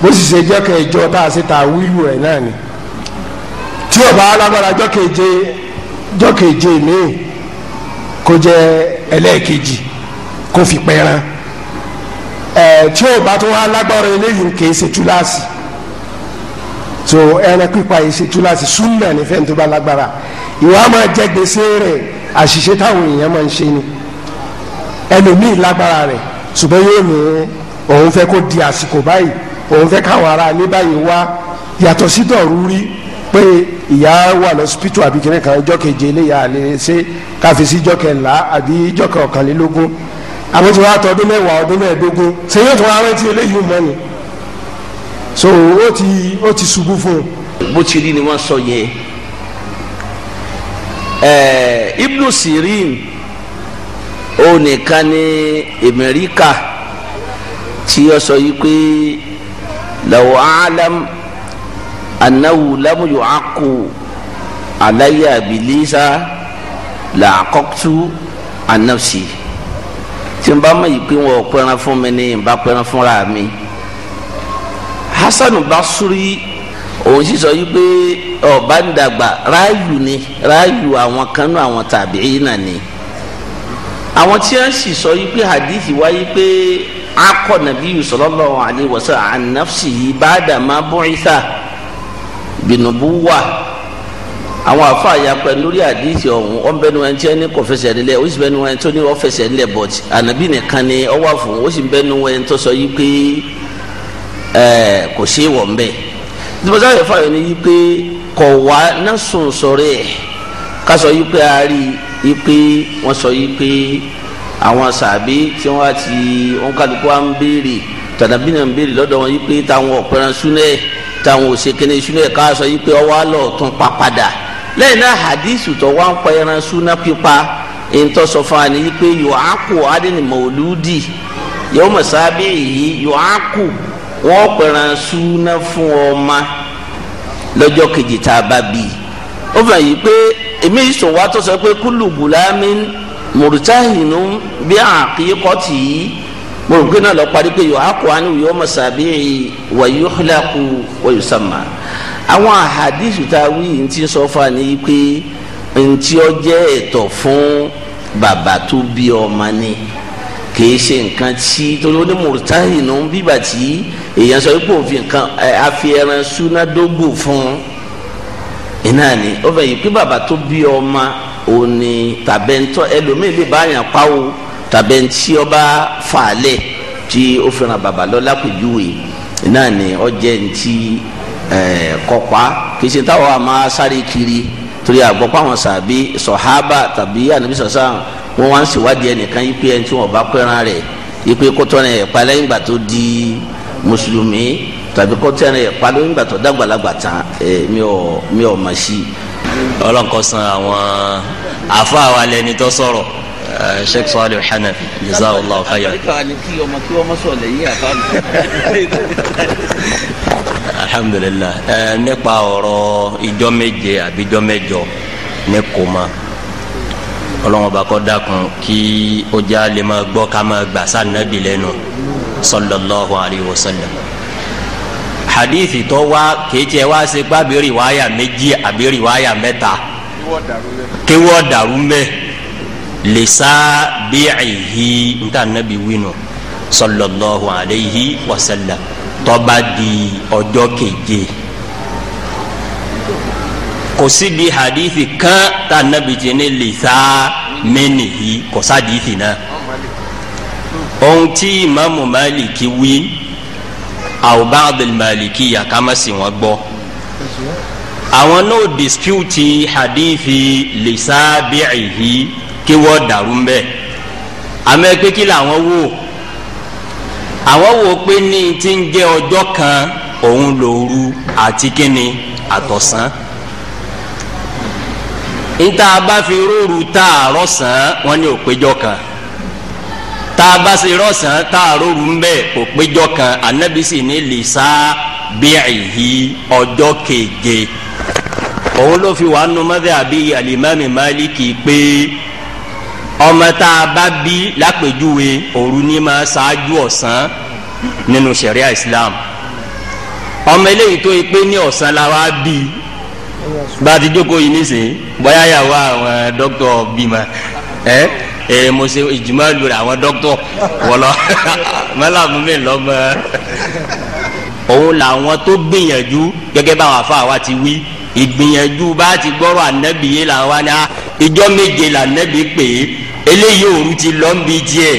bó sì ṣe jẹ́ kẹjọ tá a ṣe ta wílù ẹ̀ náà ni tí ó bá lágbára jọ́ keje jọ́ keje míì kó jẹ́ ẹlẹ́ẹ̀kejì kó fi pẹ́ran ẹ̀ tí ó bá tó wá lágbára eléyìí kì í ṣe túláàsì so ẹran pípa yìí ṣe túláàsì súnmọ́ ní fẹ́ẹ́ tó bá lágbára ìwà máa jẹ gbèsè rẹ̀ àṣìṣe táwọn èèyàn máa ń ṣe ni ẹlòmíì lágbára rẹ̀ ṣùgbọ́n yóò ní òun fẹ́ kó di àsìkò báyìí òun fẹ́ káwọn ará ní báyìí wá yàtọ̀ sí dọ̀rú rí pé ìyá wà lọ́sípítù àbí kìnìún kan ọjọ́ keje léyà lè ṣe káfí sí ọjọ́ kẹlá àbí ọjọ́ kọkànlélógún àbótiwá tọdún mẹ́wàá ọdún mẹ́ẹ̀ẹ́dógún ṣé yóò tún wá rántí eléyìí mọ́ so ó ti ó ti ṣubú fún un. bó ti rí ni wọ́n sọ yẹn ẹ̀ẹ́ Ibnu Sirin ó nìkan ní Amẹ́ríkà tí ó sọ yìí pé law a'lam annahu lam yu'aqqu alayya bilisa làákọ́tù an nafsi tí n bá mọ̀ yìí pé wọn pẹ́ran fún mi ní n bá pẹ́ran fúnra mi. Hasan Basri òun sì sọ yìí pé ọba ń dàgbà ráàyù ni ráàyù àwọn kan náà àwọn tàbí náà ni àwọn tí wọn sì sọ yìí pé hadith wáyé pé akọ nabi sallallahu alayhi wa sallam an nafsihi ba'da ma bu'itha binubuwa àwọn afa àyàpẹ lórí àdìsí ọhún ọbẹnu ẹni tí ẹni kò fẹsẹ̀ nílẹ̀ ó sì bẹnu ẹni tó ní ọfẹsẹ̀ nílẹ̀ bọt ànábì nìkan ni ọwọ àfọwọn ó sì bẹnu ẹni tó sọ yìí pé ẹ eh, kò ṣe é wọ̀ ń bẹ̀ dìbòsá yẹn fáwọn ẹni yìí pé kọ̀ wá náà sùn sọ̀rọ̀ ẹ̀ ká sọ yìí pé a rí yìí pé wọ́n sọ yìí pé àwọn sàbí tí wọ́n ti wọ́n kálukú wa ń béèrè tàdàbí náà béèrè lọ́dọ̀ wọn yìí táwọn ọ̀pẹ̀rẹ̀ súnẹ̀ táwọn òṣèkéne súnẹ̀ ká sọ yìí pé tún pa padà náà hadith tó wá ń pa ẹran súná pípa ntọ́ sọ fún wa ni yìí pé yòókù adínì mọ̀lúdì yòókù sábẹ́ wọ́n pẹ̀ràn súná fún ọmọ lọ́jọ́ kejì tá a bá bí i ó fà yí pé èmi ìsọ̀ wa tó sọ pé kúlù bùlámi mùrùtáhìnú bí àkíkọ́ tì í mùrùkú náà lọ parí pé yòó akọ àni yòó mọ̀sábì wàyó hílàkù wàyó sàmà àwọn àhàdìsù tá a wí ní ti sọ fún wa ní pé ntí ọ jẹ́ ẹ̀tọ́ fún bàbá tó bí ọmọ ni kìí ṣe nǹkan tí torí ó ní mùtáhì nù bíbà tí èèyàn sọ pé òfin kan àfi ẹran súnádógò fún iná ni ó fẹ́ yìí pé bàbá tó bí ọmọ òní tàbẹ́ntọ́ ẹlòmíì lè bá yàn pawó tàbẹ́ntì ọba fàálẹ̀ tí ó fẹ́ràn bàbá lọ́lá pèjúwe iná ni ọjẹ́ ntí kọ́pa kìí ṣe táwọn a sáré kiri torí àgbọ̀pọ̀ àwọn sàbí sọ̀hábà tàbí ànábì wọ́n wá ń ṣèwádìí ẹnìkan yìí pé ẹni tí wọ́n bá pẹ́ran rẹ̀ yìí pé kótó rẹ̀ ẹ̀pá lẹ́yìn ìgbà tó di mùsùlùmí tàbí kótó rẹ̀ ẹ̀pá lẹ́yìn ìgbà tó dàgbàlagbà tán ẹ̀ mi ò mi ò mọ̀ sí. ọlọ́nkọ san àwọn àfa àwa lẹni tó sọ̀rọ̀ sheikh Salih Hanafi jazakallahu khayr. alhamdulilayi nípa ọ̀rọ̀ ìjọ méje àbíjọ mẹ́jọ ní kò máa ọlọ́wọ́n bá kọ́ dákun kí ó já lè máa gbọ́ ká máa gbà sá nàbì lẹ́nu sallallahu alayhi wa sallam hadithi tó wá kéétì ẹ wá ṣe pé abiri wáyà méjì abiri wáyà mẹ́ta kéwọ́ dàrú mẹ́ lisa biihi nta nabi winu sallallahu alayhi wa sallam tó di ọjọ́ keje kò sídìí hadithi kan tá a nàbì jẹ ní lìtá mẹ́nìhì kò sádìífì náà. ohun tí imaamu maliki wí àwọn báàbí maliki yà ká má sì wọn gbọ́. àwọn náà dispute hadithi Lisa bíìhì kí wọ́n dàrú mbẹ́. àmọ́ pé kí làwọn wò àwọn wò pé ní ti ń jẹ́ ọjọ́ kan òun lòru àti kíni àtọ̀sán. Okay níta bá fi róòrù tá a rọ̀sán wọn ní òpéjọ kan tá a bá ṣe rọ̀sán tá a róòrù ń bẹ̀ òpéjọ kan anabi sì ní lisa bíyìí ọjọ́ keje òun ló fi wàá nu mọ́tẹ́ àbí alimami maliki pé ọmọ tá a bá bí lápèjúwe òru ní máa ṣáájú ọ̀sán nínú ṣẹ̀ríà islam ọmọ eléyìí tó yẹ pé ní ọ̀sán la wá bí bá a ti jókòó yìí nísìnyí bóyá yàwó àwọn dókítà bímọ ẹ ẹ mo ṣe ìjùmọ̀ lu àwọn dókítà wọlọ mẹlàmú mi lọmọ òun làwọn tó gbìyànjú gẹ́gẹ́ báwọn afa wa ti wí ìgbìyànjú bá ti gbọ́rọ̀ ànábì yìí làwọn wa ní a ah, ìjọ méje lànábì pè é eléyìí òru ti lọ́nbi tiẹ̀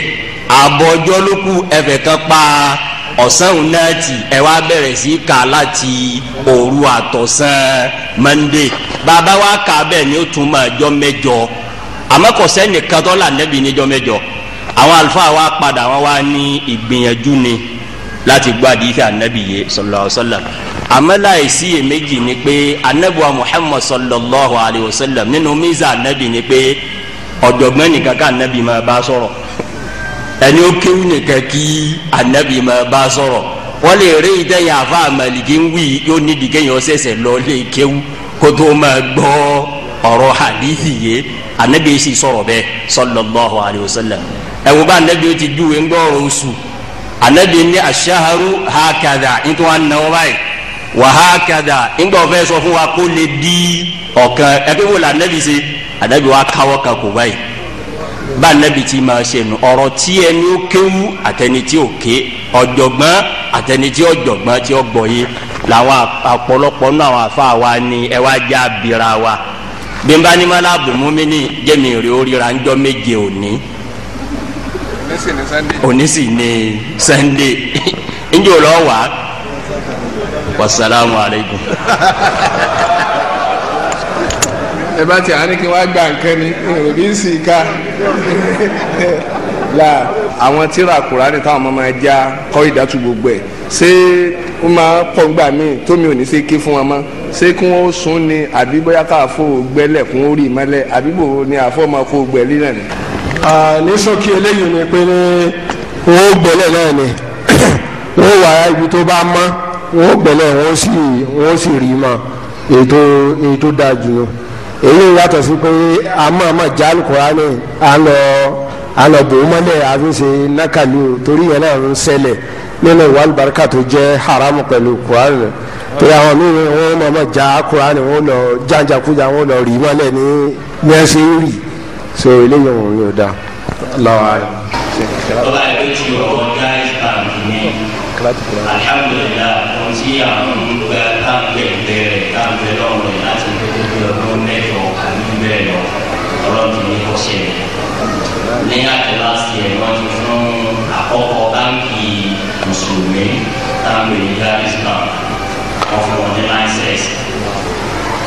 àbọ̀jọ́ ló kù ẹ̀fẹ̀ kan pa á ọ̀sán òun náà tì ẹ wá bẹ̀rẹ̀ sí kà láti òru àtọ̀sán monday bàbá wa kà bẹ́ẹ̀ ni ó tún máa jọ mẹ́jọ àmọ́ kò tó là nẹ́bi níjọ mẹ́jọ àwọn àlùfáà wa padà wọn wá ní ìgbìyànjú ni láti gbọ́ àdìsẹ́ ànábì yé sallallahu sallam àmọ́ láìsí èméjì ni pé anábìwa muhammad sallallahu alayhi wa sallam nínú mísà ànábì ni pé ọ̀jọ̀gbọ́n nìkan ká ànábì máa bá sọ̀rọ̀ ẹni ó kéwù nìkan kí anabi máa bá sọ̀rọ̀ wọ́n lè rí ìdẹ́yìn àfa àmàlìkí ń wí yóò nídìí kéèyàn ṣẹ̀ṣẹ̀ lọ lè kéwù kó tó máa gbọ́ ọ̀rọ̀ hadithi yé anabi sì sọ̀rọ̀ bẹ́ẹ̀ sallallahu alayhi wa sallam ẹ̀wọ̀n bá anabi ti júwe ń gbọ́ ọ̀rọ̀ oṣù anabi ní aṣaharu hakada nítorí wọn náwó báyìí wàhákàdà ńgbà ọ̀fẹ́ sọ fún wa kó lè di ọ̀kan ẹgbẹ́ wo la anabi ṣe anabi wa káwọ́ kan kò báyìí bá anabi ti máa ṣe nu ọ̀rọ̀ tí ẹni ó kéwú àtẹni tí ó ké ọ̀jọ̀gbọ́n àtẹni tí ọ̀jọ̀gbọ́n tí ó gbọ́ yé làwọn àpọ̀lọpọ̀ nínú àwọn afa wa ni ẹ wá já bira wa bí n bá láàbù mú mi ní jẹ́mi rí oríra ńjọ́ méje òní òní sì ni Sunday ńjọ́ lọ́wọ́ wa wasalaamualeykum. ẹ bá ti àárín kí wọ́n á nǹkan ni òbí ń sì ká la àwọn tíra kùránì táwọn ọmọ máa já kọ́ ìdátú gbogbo ẹ̀ ṣé ó máa pọ̀ gbà míì tómi ò ní ṣe ké fún wọn mọ́ ṣé kí wọ́n sún ni àbí bóyá káàfó gbẹ́lẹ̀ kún orí ìmọ́lẹ̀ àbí bò ni àfọ́ máa kó gbẹ̀lí náà ni. ní ṣókí eléyìí ni pé ní wọ́n gbẹ́lẹ̀ náà ni wọ́n wà ibi tó bá mọ́ wọ́n gbẹ́lẹ̀ wọ́n sì rí mọ́ ètò ètò dáa jù lọ. èyí yàtọ̀ sí pé àmọ́ọ̀mọ́ já alukurani àlọ́ àlọ́ bò àfihàn nàkàlù torí yẹn náà ń ṣẹlẹ̀ nínú ìwà tó jẹ́ haramu pẹ̀lú kurani torí àwọn wọn kurani wọn lọ wọn lọ rí ní yẹnsẹ́ rì so eléyìí wọn yóò dá tọ́lá tí ní alhamdulilayi ní ọ̀sẹ̀ rẹ̀ ní àtẹ̀lá sí ẹ̀ wọ́n ti fún àkọ́kọ́ báńkì mùsùlùmí táwọn ènìyàn Islam wọ́n fún wọn ní License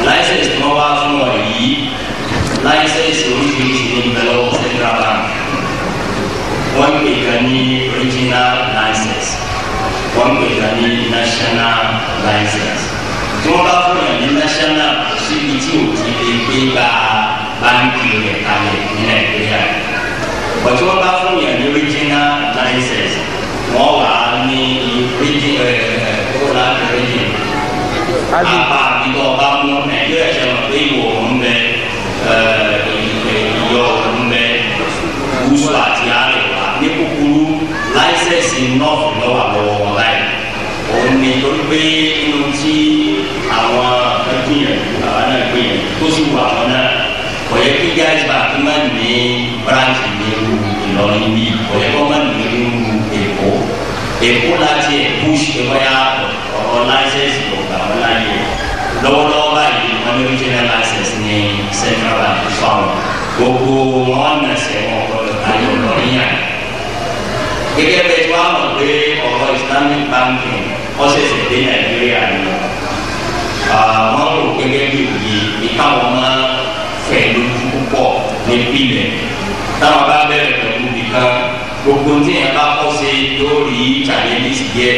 láìsẹ̀sì tí wọ́n wá fún wọn yìí láìsẹ̀sì oríṣiríṣi ní ìbẹ̀lọ́wọ́ central bank wọ́n pè kan ní regional license wọ́n pè kan ní national license tí wọ́n bá fún yàn ní national síbi tí ò ti lè gbé gbàá báńkì rẹ̀ kalẹ̀ ní nàìjíríà bọ̀tí wọ́n bá fún yẹn ní regional license wọ́n wà á ní region ẹ̀ ẹ̀ kóra region apá àbíkọ́ ọba mú nàìjíríà ṣe wọn pé ìwọ̀ òun bẹ ìyọ̀ òun bẹ gúúsù àti àríwá ní kúkúrú láìsẹ̀sì north lọ́wọ́ àlọ́wọ́ wọn láì òun ni tó gbé inú tí àwọn ẹgbìyànjú àwọn náà gbìyànjú tó sì wà wọn náà yẹ kí járíba kí má ní branch ní ru Ìlọrin bí kò yẹ kó má ní ru Èkó Èkó láti ẹ̀ push ìwáyà ọ̀rọ̀ láìsẹ̀sì ọ̀gá wọn láyé lọ́wọ́lọ́wọ́ báyìí wọ́n ní regional license ní central bank fáwọn gbogbo wọn nà sẹ́ wọn gbọdọ̀ táyọ̀ lọ́rin yàn gẹ́gẹ́ bẹ́ẹ̀ tí wọ́n mọ̀ pé ọ̀rọ̀ islamic banking ọ̀sẹ̀sẹ̀ dé Nàìjíríà ni wọ́n rò gẹ́gẹ́ bí òye ní káwọn máa ní pilẹ̀ táwọn bá bẹ̀rẹ̀ pẹ̀lú nìkan gbogbo tí yẹn bá kọ́ sí yóò rí challenges díẹ̀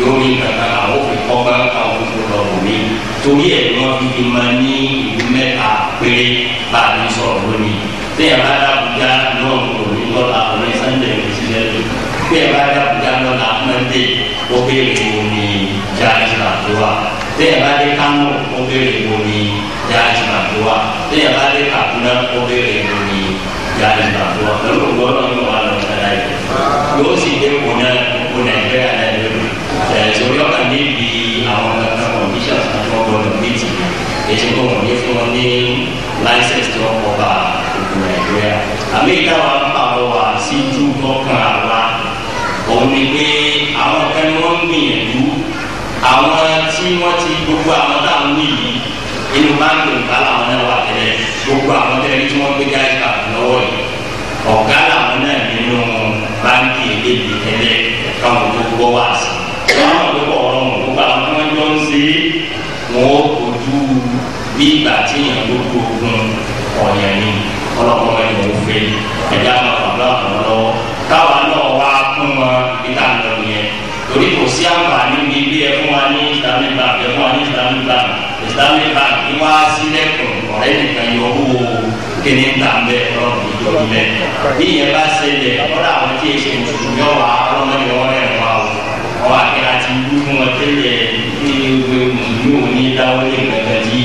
yóò rí kankan àwọn òfin kọ́gbá àwọn òfin lọ́rùn mi torí ẹ̀ ni wọ́n fi máa ní ìlú mẹ́ta péré bá a ní sọ̀rọ̀ lónìí tí yẹn bá dàbújá náà kò ní lọ́la ọ̀nà ìsànjẹ̀ ní sílẹ̀ lónìí tí yẹn bá dàbújá lọ́la ọ̀nà ìdè ó béèrè òní jáde àdúrà téèyàn bá dé kánò ó béèrè wo ni jáde màdúrà téèyàn bá dé kàkúná ó béèrè wo ni jáde màdúrà lọ́dún ògbó náà yóò wá lọ sára yìí yóò sì dé kó náà kó nàìjíríà náà lè lò ẹ̀ sórí ọ̀kà níbi àwọn kankan kọ̀míṣà fún ọgbọ́dọ̀ méjì ètò kò wọ́n ní fún ọ ní láìsẹ̀sì tó ọkọ̀ bá òkú nàìjíríà àmẹ́ríkà wa ń pàrọwà sí ju gbọ́kàn àwa òun ni pé àwọn kan ni wọ́n ń gbìyànjú àwọn tí wọ́n ti gbogbo àwọn táwọn wí yìí inú báńkì nǹkan làwọn náà wà tẹ́lẹ̀ gbogbo àwọn tẹ́lẹ̀ tí wọ́n gbé gáàsì pàtó lọ́wọ́ yìí ọ̀gá làwọn náà nínú báńkì èdè tẹ́lẹ̀ káwọn tó gbọ́ wá sí i wọ́n á gbogbo ọ̀rọ̀ wọn gbogbo àwọn tí wọ́n jọ ń ṣe é kojú bí ìgbà tí èèyàn islamic bank wá sílẹ̀ ọ̀rẹ́ nìkan yọ owó kíni ta ń bẹ ọ̀rọ̀ ìjọ bẹ bí ìyẹn bá ṣẹlẹ̀ ọ̀rọ̀ àwọn tí èsì oṣù yọ wá ọlọ́mọdé ọ̀rẹ́ wa o ọ̀rọ̀ àkẹ́rẹ́ àti ìlú fún wọn tẹ́lẹ̀ ìwé mùsùlùmí òní dáwọ́ lé gbẹ̀gbẹ̀ tí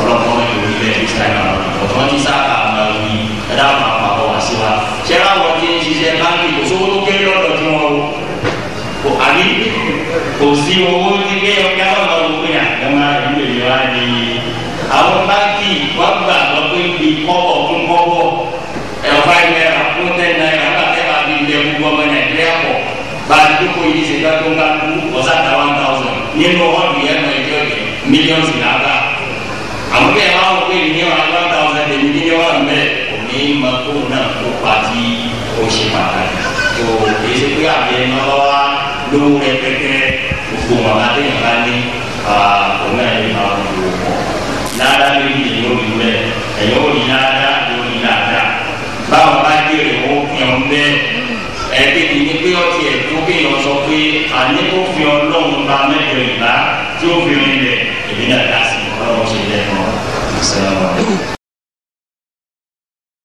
ọlọ́mọdé òní bẹ ìsìlámù ọ̀tún ti sábà máa wí ẹ̀dá máa pa ọ̀ wá sí wa ṣẹ́ra wọn ti ń ṣiṣẹ́ báńkì kò sówó tó kéré lọ́dọ̀ tí wọ́n o àbí kò sí owó ní yìí ṣe fẹ́ tó ń ká kú ọ̀sán ta one thousand nínú ọ̀ọ́dù yẹn mọ̀ ẹjọ́ yẹn mílíọ̀nù sì lábà àwọn bẹ́ẹ̀ wá wọ́n pé ní wọn one thousand èmi ní wọn mẹ́ òní mọ̀ tó náà tó pàtí oṣù pàtàkì tó kìí ṣe pé àbí ẹni wọn wá lówó rẹ pẹpẹ gbogbo wọn bá dé ìbá ní òun náà ní àwọn olùkọ́ lára méjì ni ó rí bẹ́ẹ̀ ẹ̀yọ́ òní lára lórí lára báwọn bá dé ìwọ́n fi hàn bẹ́ẹ̀ ẹ̀ẹ́dẹ́gbẹ̀ ni pé ọtí ẹ̀dùn kéèyàn sọ pé àníkófin ọlọ́run bá mẹ́jọ ìgbà tí ó fi rin lẹ̀ èmi náà dá sí ọlọ́run ṣe lẹ́nu ọ̀rọ̀.